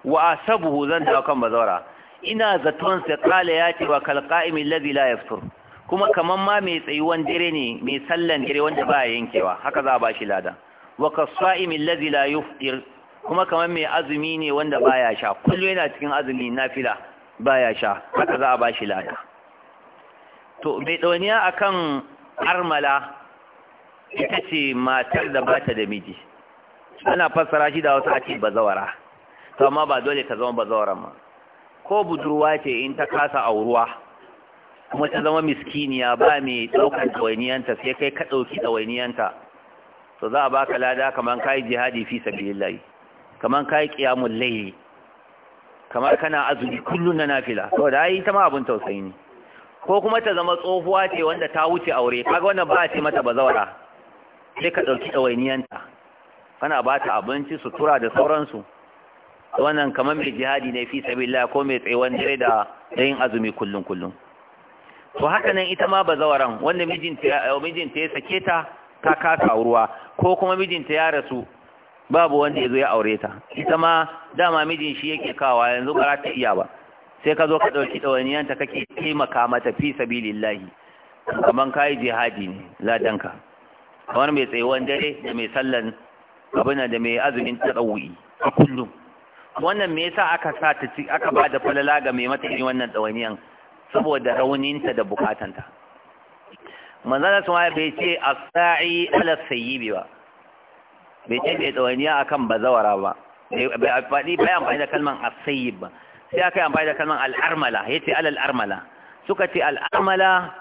wa asabuhu zan dawo bazawara ina zaton sa kala ya ce wa kalqaimi alladhi la yaftur kuma kaman ma mai tsayuwan dare ne mai sallan dire wanda ba yankewa haka za a shi lada wa kasaimi alladhi la yuftir kuma kaman mai azumi ne wanda baya sha kullu yana cikin azumi nafila baya sha haka za a shi lada to mai dawaniya akan armala ita ce matar da bata da miji ana fassara shi da wasu a ce bazawara to amma ba dole ta zama bazawaran ma ko budurwa ce in ta kasa auruwa kuma ta zama miskiniya ba mai ɗaukar ɗawainiyanta sai kai ka ɗauki ɗawainiyanta to za a ba ka lada kamar ka yi jihadi fi sabilillahi kamar ka yi ƙiyamun layl kamar kana azumi kullum na nafila to da yi ta ma abin tausayi ne ko kuma ta zama tsohuwa ce wanda ta wuce aure kaga wannan ba a ce mata ba zawara, sai ka ɗauki ɗawainiyanta kana ba ta abinci sutura da sauransu wannan kamar mai jihadi ne fi sabila ko mai tsayuwan dare da yin azumi kullum-kullum. to haka nan ita ma bazawaran wanda mijinta ya eh, sake ta ka kasa ruwa ko kuma mijinta ya rasu babu wanda ya zo ya aure ta ita ma dama mijin shi yake kawa yanzu ba za ta iya ba sai ka zo ka ɗauki ta kake taimaka mata fi sabilillahi kamar kayi jihadi ne ladanka kamar mai tsayuwan dare da mai sallan abin da mai azumin tsawuyi a kullum wannan me yasa aka sa ta ci aka ba da falala ga mai mata irin wannan dawaniyan saboda rauninta da bukatanta manzana su ma bai ce a sa'i ala sayyibi ba bai ce bai dawaniya akan bazawara ba bai amfani da kalman asayyib ba sai aka yi amfani da kalman al'armala ya ce alal armala suka ce al-armala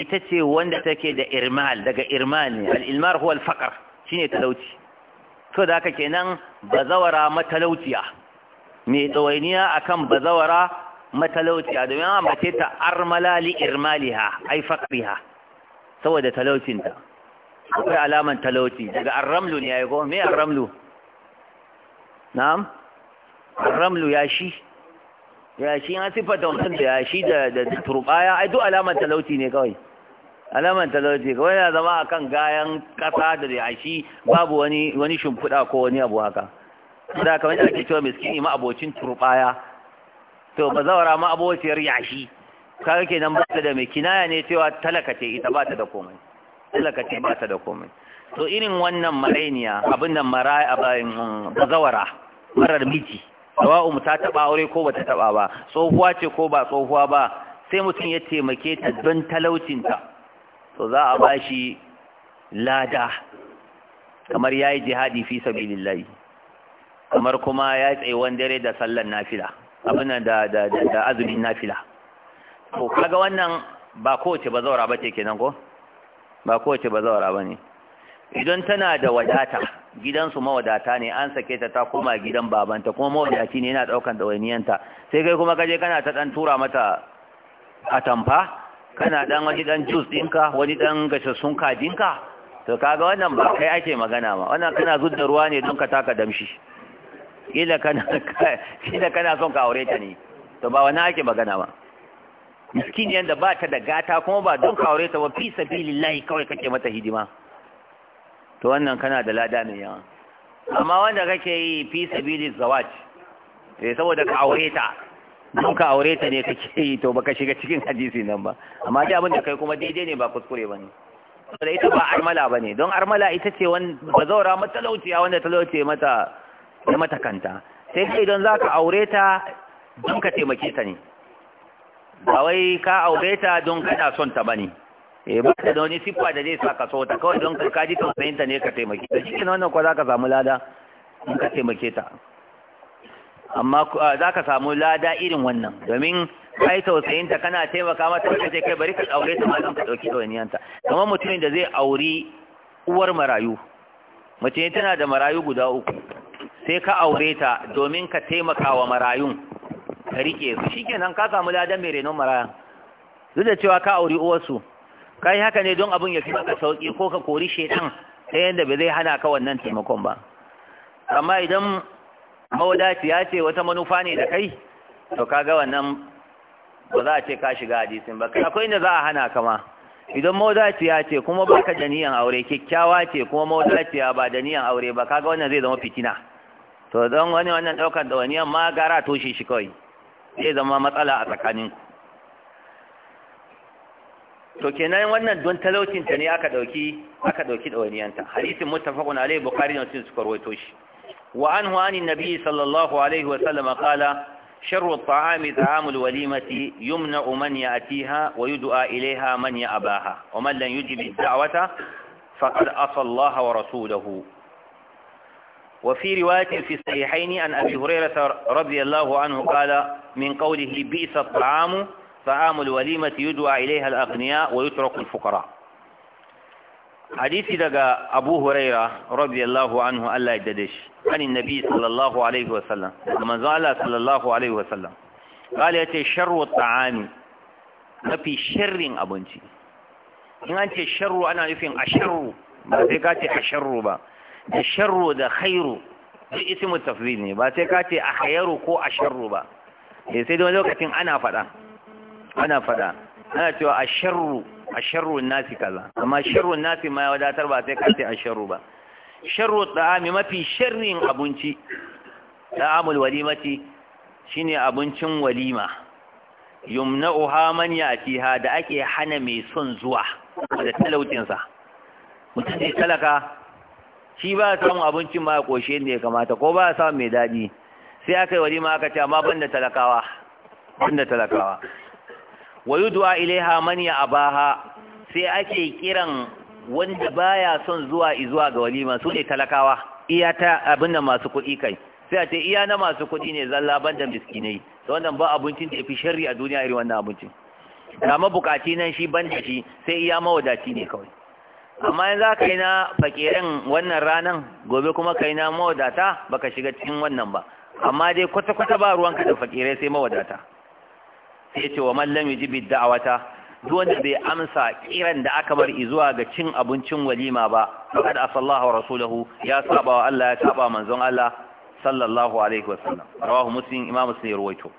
ita ce wanda take da irmal daga irmal ne al-ilmar huwa al-faqr shine talauci so da haka kenan bazawara matalauciya mai tsawainiya akan bazawara matalauciya domin amma ce ta Armalali irmaliha ai faqriha saboda talaucinta akwai alaman talauci daga arramlu ne yayi ko me arramlu na'am arramlu ya shi ya shi an sifata mutum da ya shi da da turbaya ai duk alaman talauci ne kawai alaman talauci kawai ya zama akan gayan kasa da ya shi babu wani wani shimfiɗa ko wani abu haka da kamar yadda ake cewa miskini ma abocin turbaya to ba zawara ma abociyar yashi kaga kenan ba ta da mai kinaya ne cewa talaka ce ita ba ta da komai talaka ce ba ta da komai to irin wannan marainiya abin da maraya a bayan zawara marar miji sawa'u ta taba aure ko bata taba ba tsohuwa ce ko ba tsohuwa ba sai mutum ya taimake ta don talaucinta to za a bashi lada kamar yayi jihadi fi sabilillahi kamar kuma ya tsaiwan dare da sallan nafila abin da da da azumin nafila to kaga wannan ba kowace ba zaura ba ce kenan ko ba kowace ba zaura ba ne. idan tana da wadata gidansu mawadata ne an sake ta ta koma gidan babanta kuma mawadaci ne yana daukan dawainiyanta sai kai kuma kaje kana ta dan tura mata atamfa kana dan wani dan juice dinka wani dan gashassun kajinka to kaga wannan ba kai ake magana ma wannan kana zuddar ruwa ne don ka taka damshi kila kana kila kana son ka aure ta ne to ba wani ake magana ba miskiniyar da ba ta da gata kuma ba don ka aure ta ba fi sabilillahi kawai kake mata hidima to wannan kana da lada mai yawa amma wanda kake yi fi sabili zawaj eh saboda ka aure ta don ka aure ta ne kake yi to baka shiga cikin hadisi nan ba amma dai abin da kai kuma daidai ne ba kuskure bane saboda ita ba armala bane don armala ita ce wanda zaura matalauciya wanda talauce mata da matakanta sai dai idan za ka aure ta don ka taimake ta ne ba wai ka aure ta don kana son ta ba ne e ba ta da wani siffa da zai sa ka so ta kawai don ka kaji tausayin ta ne ka taimake ta shi wannan kuwa za ka samu lada in ka taimake ta amma za ka samu lada irin wannan domin kai tausayin ta kana taimaka mata ka ce kai bari ka aure ta ma don ka dauki ɗawainiyan ta kamar mutumin da zai auri uwar marayu mace tana da marayu guda uku sai ka aure ta domin ka taimaka wa marayun ka rike su shikenan ka samu ladan mai renon marayan duk da cewa ka auri uwarsu ka yi haka ne don abin ya fi maka sauƙi ko ka kori shaidan ta yadda ba zai hana ka wannan taimakon ba amma idan ya ce wata manufa ne da kai to kaga wannan ba za a ce ka shiga hadisin ba akwai inda za a hana ka ma idan mawadaciya ce kuma baka da niyan aure kyakkyawa ce kuma mawadaciya ba da niyan aure ba kaga wannan zai zama fitina to don wani wannan ɗaukar da wani amma gara toshe shi kawai zai zama matsala a tsakanin to kenan wannan don talaucin ta ne aka ɗauki aka ɗauki ɗawainiyanta hadisin muttafaqun alaihi bukhari da muslim suka rawaito shi wa anhu an annabi sallallahu alaihi wa sallam qala sharru at-ta'ami ta'amul walimati yumna'u man ya'tiha wa yud'a ilaiha man ya'baha wa man lam yujib ad-da'wata faqad asa Allah wa rasulahu وفي رواية في الصحيحين عن أبي هريرة رضي الله عنه قال من قوله بئس الطعام طعام الوليمة يدعى إليها الأغنياء ويترك الفقراء حديث دقى أبو هريرة رضي الله عنه ألا يددش عن النبي صلى الله عليه وسلم لما زال صلى الله عليه وسلم قال يتي شر الطعام ما في شر أبنتي إن أنت شر أنا يفين أشر ما تقاتي أشر بقى da Sharro da khairu duk ismu tafdil ne ba sai ka ce a khairu ko a sharru ba eh sai da lokacin ana faɗa ana fada ana cewa a sharru a sharru nasi kaza amma sharru nasi ma ya wadatar ba sai ka ce a sharru ba sharru ta'ami mafi sharrin abinci ta'amul walimati shine abincin walima yumna'uha man yatiha da ake hana mai son zuwa da talautinsa sa mutane talaka shi ba ya samun abincin ma ya koshe inda ya kamata ko ba ya samun mai daɗi sai aka yi wani ma aka ce amma ban da talakawa ban da talakawa wa yudwa ilaiha man ya abaha sai ake kiran wanda baya son zuwa izuwa ga walima su ne talakawa iya ta abin da masu kuɗi kai sai a ce iya na masu kuɗi ne zalla ban da miskinai to wannan ba abincin da fi sharri a duniya irin wannan abincin ga bukaci nan shi ban da shi sai iya mawadaci ne kawai amma yanzu aka yi na fakirin wannan ranan gobe kuma ka yi na mawadata baka shiga cikin wannan ba amma dai kwata-kwata ba ruwanka da fakirai sai mawadata sai ce wa mallam yi jibi da'awata duk wanda bai amsa kiran da aka bar izuwa ga cin abincin walima ba faqad asallahu wa rasuluhu ya saba wa Allah ya saba manzon Allah sallallahu alaihi wa sallam rawahu muslim imam muslim ya ruwaito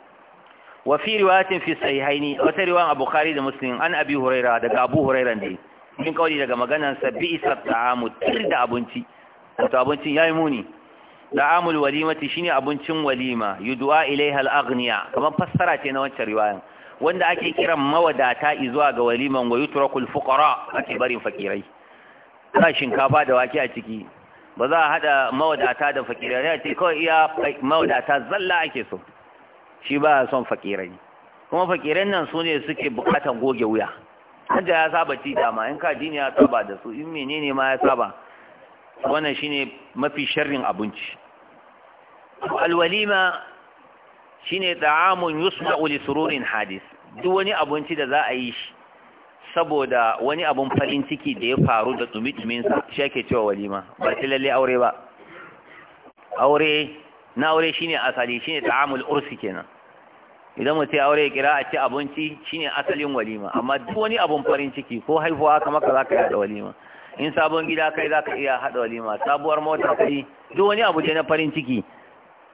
wa fi riwayatin fi sahihaini wata riwayan bukhari da muslim an abi huraira daga abu hurairan dai min kawai daga maganansa sa bi isa ta'amu tir da abinci wato abincin yayi muni da'amul walimati shine abincin walima yud'a ilaiha al-aghniya kamar fassara ce na wancan riwayan wanda ake kiran mawadata zuwa ga waliman wa yutrakul fuqara ake barin fakirai ba shinkafa da wake a ciki ba za a hada mawadata da fakirai a ce kawai iya mawadata zalla ake so shi ba son fakirai kuma fakirai nan su ne suke bukatan goge wuya hajja ya saba ci dama in ka ne ya saba da su in menene ma ya saba wannan shine mafi sharrin abinci alwalima shine ta'amun yusma'u li sururin hadis duk wani abinci da za a yi shi saboda wani abun farin ciki da ya faru da tumitumin sa shi ake cewa walima ba ta lalle aure ba aure na aure shine asali shine ta'amul ursi kenan idan mutum ya aure kira a ci abinci shine asalin walima amma duk wani abun farin ciki ko haihuwa kama ka zaka ka haɗa walima in sabon gida kai zaka iya hada walima sabuwar mota kai duk wani abu na farin ciki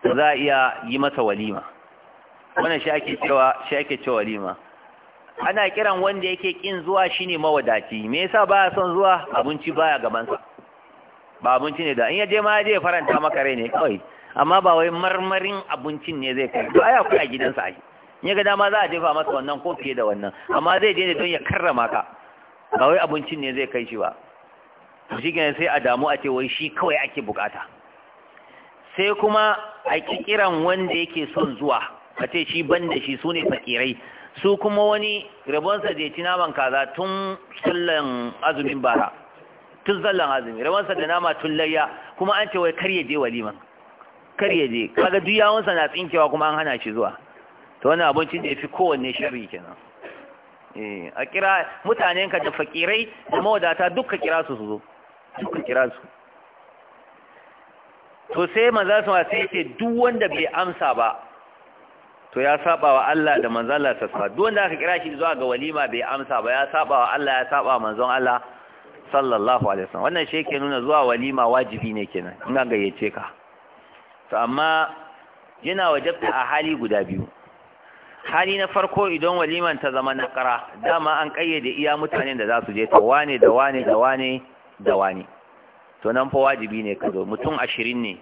za a iya yi masa walima wannan shi ake cewa shi ake cewa walima ana kiran wanda yake kin zuwa shine mawadaci me yasa baya son zuwa abinci baya gabansa ba abinci ne da in ya je ma ya je faranta maka rai ne kawai amma ba wai marmarin abincin ne zai kai to ai akwai a gidansa ai in ya ga dama za a jefa masa wannan ko fiye da wannan amma zai je ne don ya karrama ka ba wai abincin ne zai kai shi ba shi gane sai a damu a ce wai shi kawai ake bukata sai kuma a kikiran wanda yake son zuwa a ce shi ban da shi su ne fakirai su kuma wani rabonsa da ya ci naman kaza tun sallan azumin bara tun sallan azumi rabonsa da nama tun layya kuma an ce wai kar ya je walima kar ya je kaga duk yawansa na tsinkewa kuma an hana shi zuwa to wani abincin da ya fi kowanne shari kenan eh, a kira mutanenka da fakirai da mawadata duka kira su su zo duka kira su to sai manza su ma sai ce duk wanda bai amsa ba to ya saba wa Allah da manzon Allah sassa duk wanda aka kira shi zuwa ga walima bai amsa ba ya saba wa Allah ya saba manzon Allah sallallahu alaihi wasallam wannan shi yake nuna zuwa walima wajibi ne kenan ina gayyace ka to amma yana wajabta a hali guda biyu hali na farko idan waliman ta zama nakara dama an kayyade iya mutanen da za su je ta wane da wane da wane da wane to nan fa wajibi ne ka zo mutum ashirin ne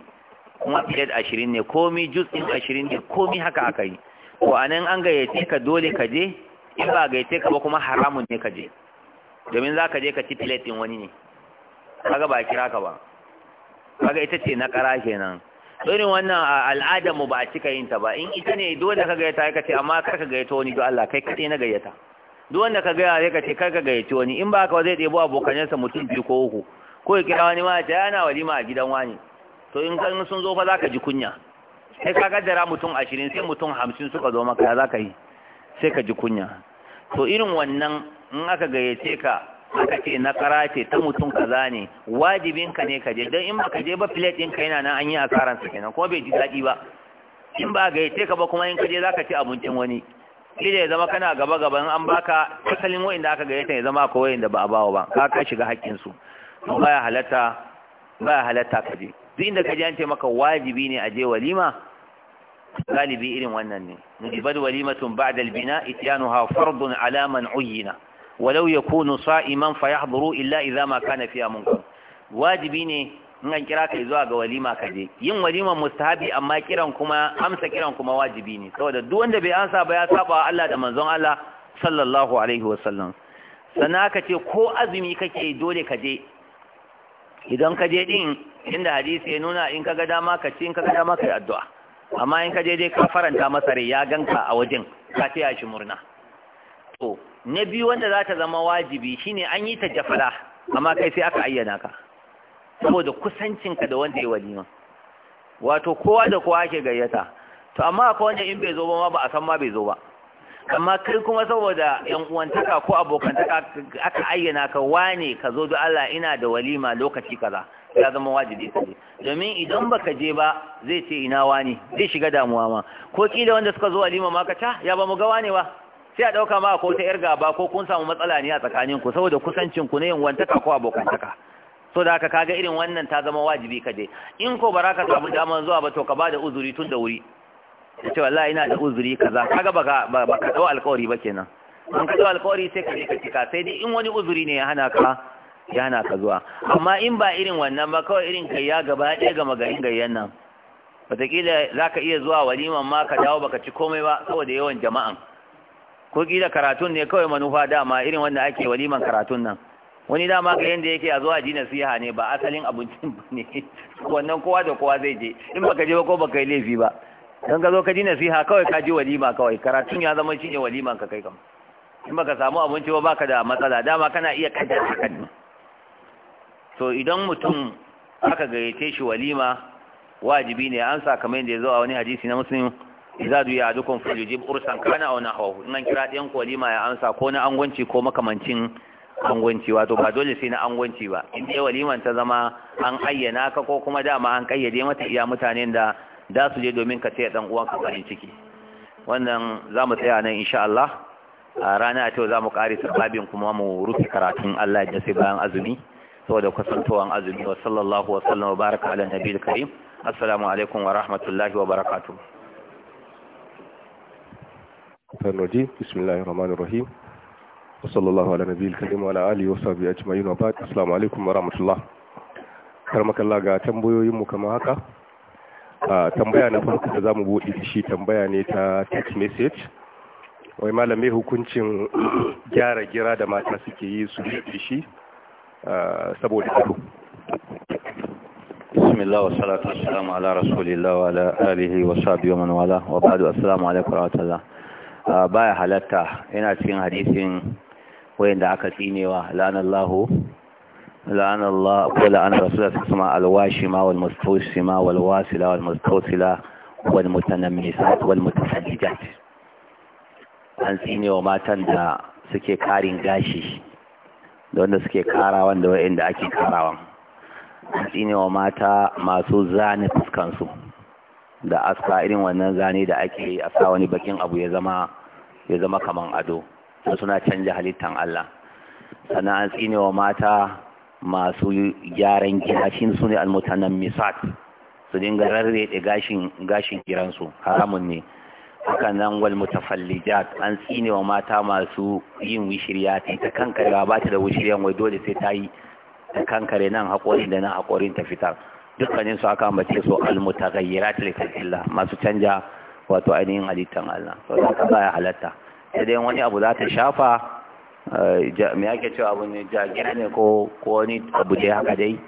kuma fiyad ashirin ne komi jutsin ashirin ne komi haka aka yi to a nan an gayyace ka dole ka je in ba gayyace ka ba kuma haramun ne ka je domin za ka je ka ci plate wani ne kaga ba kira ka ba kaga ita ce na kara kenan irin wannan al'adar mu ba a cika yin ta ba in ita ne dole ka gayyata ka ce amma kar ka gayyata wani don Allah kai kaɗai na gayyata duk wanda ka gaya sai ka ce kar ka gayyaci wani in ba ka zai ɗebo abokanansa mutum biyu ko uku ko ya kira wani ma ya ce yana walima a gidan wani to in kan sun zo fa za ka ji kunya sai ka kaddara mutum ashirin sai mutum hamsin suka zo maka za ka yi sai ka ji kunya to irin wannan in aka gayyace ka aka ce na ce ta mutum kaza ne wajibin ka ne ka je don in baka je ba plate ɗinka yana nan an yi asaran sa kenan ko bai ji daɗi ba in ba ga yace ka ba kuma in ka je zaka ci abincin wani kila ya zama kana gaba gaba in an baka asalin da aka gayyata ya zama wa'in da ba a bawa ba ka ka shiga haƙƙin su baya halatta baya halatta ka je duk inda ka je an ce maka wajibi ne a je walima galibi irin wannan ne nujibad walimatun ba'da albina ityanuha fardun ala man uyyina walau ya kunu, sa'iman fa fayahduru illa idza ma kana fiya munkar wajibi ne in an kira ka zuwa ga walima ka je yin walima mustahabi amma kiran kuma amsa kiran kuma wajibi ne saboda duk wanda bai amsa ba ya saba Allah da manzon Allah sallallahu alaihi wasallam sannan ka ce ko azumi kake dole ka je idan ka je din inda hadisi ya nuna in ka ga dama ka ci in ka ga dama kai addu'a amma in ka je dai ka faranta masa rai ya ganka a wajen ka ce ya shi murna to na biyu wanda za ta zama wajibi shine an yi ta Jafara amma kai sai aka ayyana ka saboda kusancinka da wanda ya walima wato kowa da kowa ake gayyata to amma akwai wanda in bai zo ba ma ba a san ma bai zo ba amma kai kuma saboda yan uwantaka ko abokantaka aka ayyana ka wane ka zo da Allah ina da walima lokaci kaza ya zama wajibi ka domin idan baka je ba zai ce ina wani zai shiga damuwa ma ko kila wanda suka zo walima ma ka ta ah, ya ba mu ga wane ba sai a ɗauka ma ko ta yar gaba ko kun samu matsala ne a tsakanin ku saboda kusancin ku ne wantaka ko abokantaka so da haka kaga irin wannan ta zama wajibi ka je in ko bara ka samu daman zuwa ba to ka bada uzuri tun da wuri ka ce wallahi ina da uzuri kaza kaga baka baka dau alƙawari ba kenan in ka dau alƙawari sai ka je ka cika sai dai in wani uzuri ne ya hana ka ya hana ka zuwa amma in ba irin wannan ba kawai irin kai ya gaba ɗaya ga magarin gayyan nan wataƙila za ka iya zuwa waliman ma ka dawo baka ci komai ba saboda yawan jama'an ko kila karatun ne kawai manufa dama irin wanda ake waliman karatun nan wani dama ga yanda yake a zuwa ji nasiha ne ba asalin abincin ba ne wannan kowa da kowa zai je in baka je ba ko baka yi laifi ba don ka zo ka ji nasiha kawai ka ji walima kawai karatun ya zama shi ne waliman ka kai kam in baka samu abinci ba baka da matsala dama kana iya kaddara kan to idan mutum aka gayyace shi walima wajibi ne an sa kamar yadda ya zo a wani hadisi na muslim idza duya adukum falyujib ursan kana aw nahwahu in an kira ɗayan ku walima ya amsa ko na angwanci ko makamancin angwanci wato ba dole sai na angwanci ba in dai waliman ta zama an ayyana ka ko kuma dama an kayyade mata iya mutanen da da su je domin ka taya dan uwanka farin ciki wannan za mu tsaya nan insha Allah a rana ta za mu ƙari sababin kuma mu rufe karatun Allah ya sai bayan azumi saboda kusantowan azumi wa sallallahu wa sallama baraka ala nabiyil karim assalamu alaikum wa rahmatullahi wa barakatuh الشيطان الرجيم بسم الله الرحمن الرحيم وصلى الله على نبي الكريم وعلى آله وصحبه أجمعين وبعد السلام عليكم ورحمة الله karmaka Allah ga tambayoyinmu kama haka a tambaya na farko da zamu buɗe shi tambaya ne ta text message wai malamai hukuncin gyara gira da mata suke yi su buɗe shi saboda ado bismillah wa salatu wassalamu ala rasulillah baya halatta yana cikin hadisin wayanda aka tsinewa la'anallahu la'anallahu ko la'an rasulullah sama alwashima wal mustawsima wal wasila wal mustawsila wal mutanammisat wal mutasaddijat an tsinewa matan da suke karin gashi da wanda suke karawan da wayanda ake karawan an tsinewa mata masu zane fuskansu da aska irin wannan zane da ake a sa wani bakin abu ya zama ya zama kaman ado to suna canja halittan Allah sannan an tsine wa mata masu gyaran gashin su ne almutanen misat su dinga rarrede gashin gashin kiransu haramun ne haka nan wal mutafallijat an tsine wa mata masu yin wishiriya ta ta kankare ba ta da wishiriyan wai dole sai ta yi ta kankare nan haƙorin da nan haƙorin ta fitar dukkanin su aka mace su al mutaghayyirat illa. masu canja wato ainihin halittar Allah saboda ka baya halatta sai dai wani abu za ta shafa eh, me ake cewa abu ne jagira ne ko wani abu dai haka dai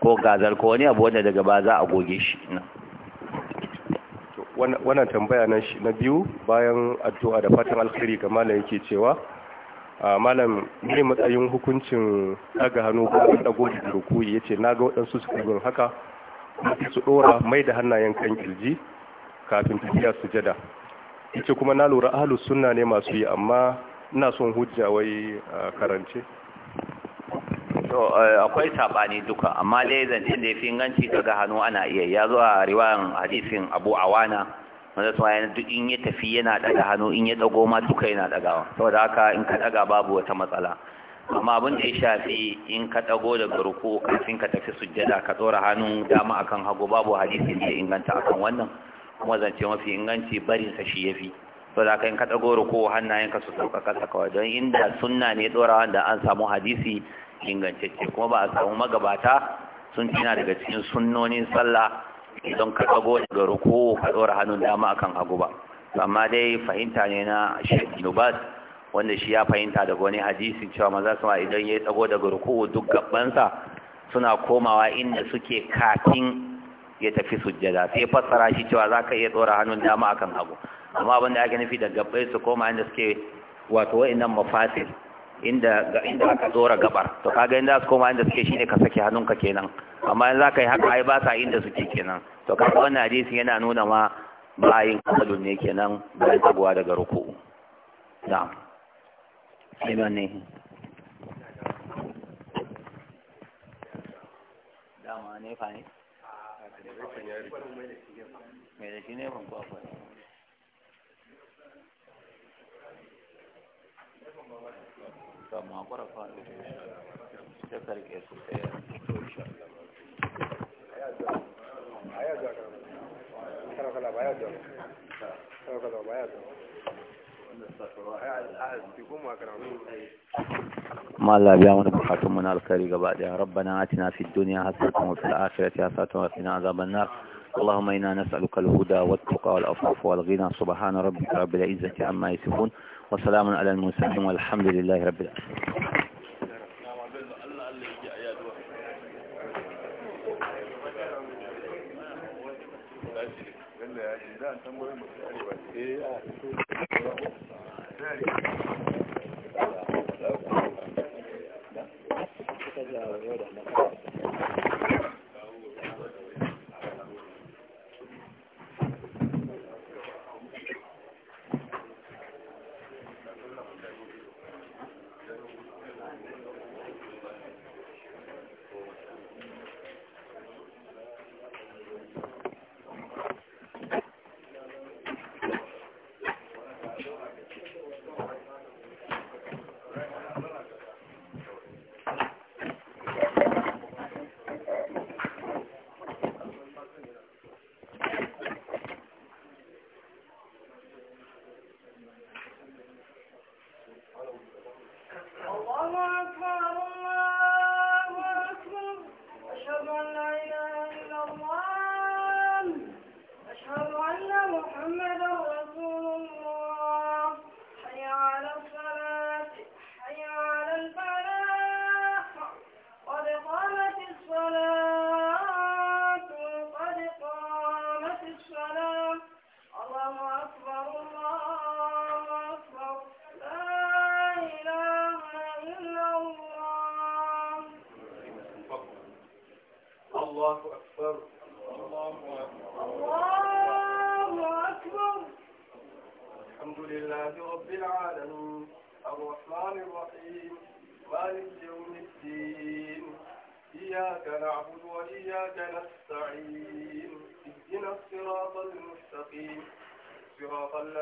ko gazar ko wani abu wanda daga ba za a goge shi wannan tambaya na biyu bayan addu'a da fatan alkhairi ga malam yake cewa ah, malam ne matsayin hukuncin daga hannu ko dago da rukuyi yace naga waɗansu su haka su ɗora mai da hannayen kan kirji kafin tafiya sujada yace kuma na lura ahalus sunna ne masu yi amma ina son hujja wai karance to akwai sabani duka amma dai zance da yafi inganci kaga hannu ana iya ya zo a riwayan hadisin Abu Awana wanda su yana duk in ya tafi yana daga hannu in ya dago ma duka yana dagawa saboda haka in ka daga babu wata matsala amma abin da ya shafi in ka dago daga ruku kafin ka tafi sujjada ka tsora hannun dama akan hagu babu hadisin da inganta akan wannan kuma zance mafi inganci barinsa shi yafi fi to da ka in ka ɗago ruko hannayenka su sauƙaƙa don inda sunna ne dora da an samu hadisi ingantacce kuma ba a samu magabata sun tina daga cikin sunnonin sallah idan ka dago daga ruku ka dora hannun dama akan hagu ba amma dai fahimta ne na Sheikh Nubas wanda shi ya fahimta daga wani hadisi cewa maza su ma idan ya dago daga ruku duk gabansa suna komawa inda suke kafin ya tafi sujjada sai fassara shi cewa za ka iya tsora hannun dama akan abu amma abin da ake nufi da gabbai su koma inda suke wato wa'innan mafasil inda inda aka tsora gabar to kaga inda su koma inda suke shine ka sake hannunka kenan amma in ka yi haka ai ba sa inda suke kenan to kaga wannan hadisi yana nuna ma bayin kamalun ne kenan bayan taguwa daga ruku na'am sai ne dama ne fa ne wancan ya rike ne ban ko ma fa ta su ya to insha Allah aya da aya kala baya kala baya ما الله بيامنا بخاتم من الكري قبادها ربنا آتنا في الدنيا حسنة وفي الآخرة حسنة وقنا عذاب النار اللهم إنا نسألك الهدى والتقى والعفاف والغنى سبحان ربك رب العزة عما يصفون وسلام على المسلمين والحمد لله رب العالمين إيه، آه.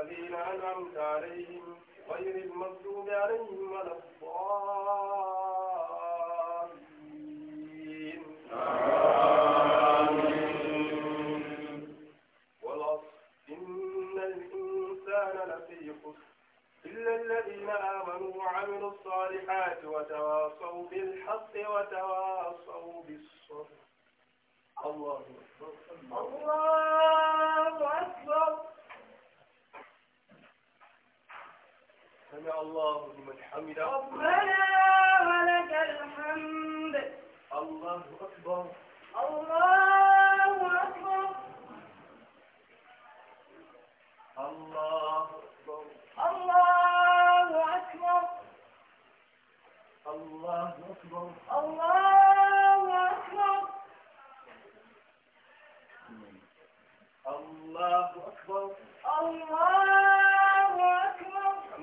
الذين أنعمت عليهم غير المغضوب عليهم ولا الضالين والعصر إن الإنسان لفي خسر إلا الذين آمنوا وعملوا الصالحات وتواصوا بالحق وتواصوا بالصبر الله أكبر الله أكبر سمع الله لمن حمده ربنا ولك الحمد الله أكبر الله أكبر الله أكبر الله أكبر الله أكبر الله أكبر الله أكبر الله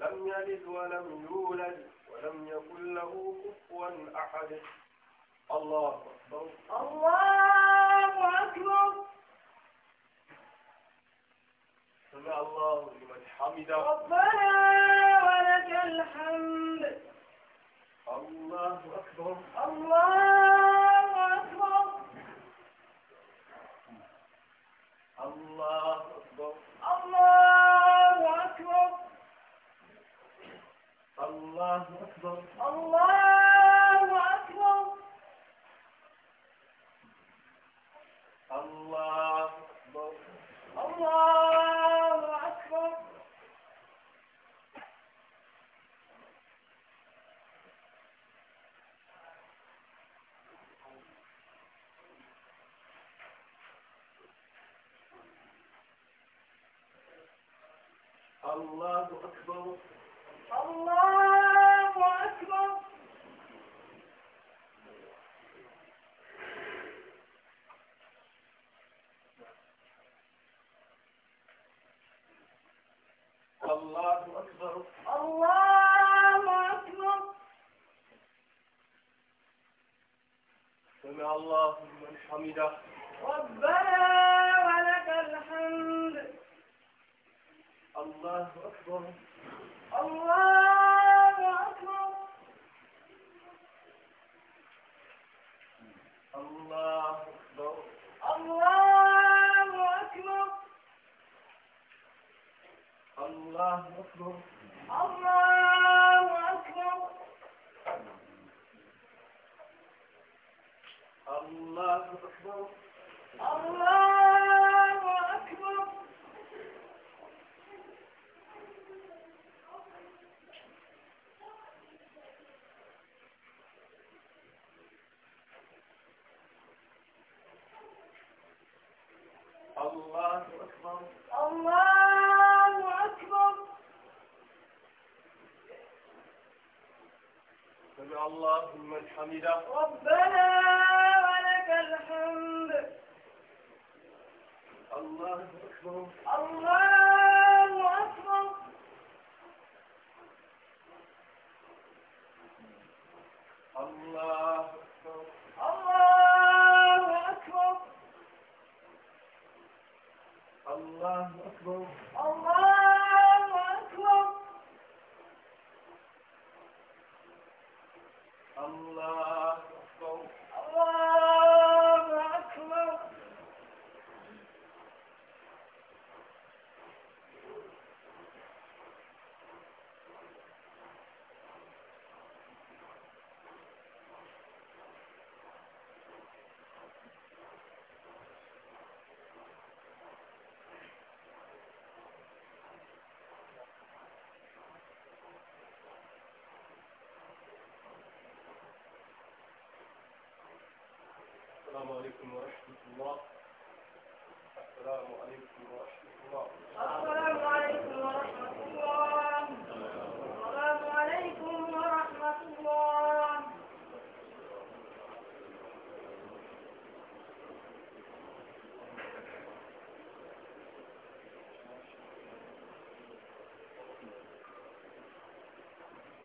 لم يلد ولم يولد ولم يكن له كفوا أحد الله أكبر الله أكبر سمع الله لمن حمده ربنا الله أكبر الله أكبر الله أكبر الله أكبر سمع الله من حمده Allahu Akbar. Allahu Akbar. Allahu Akbar. Allahu Akbar. Allahu Akbar. Allahu Akbar. Allahu Akbar. Allahu الله أكبر سمع الله ربنا ولك الحمد الله أكبر الله الله أكبر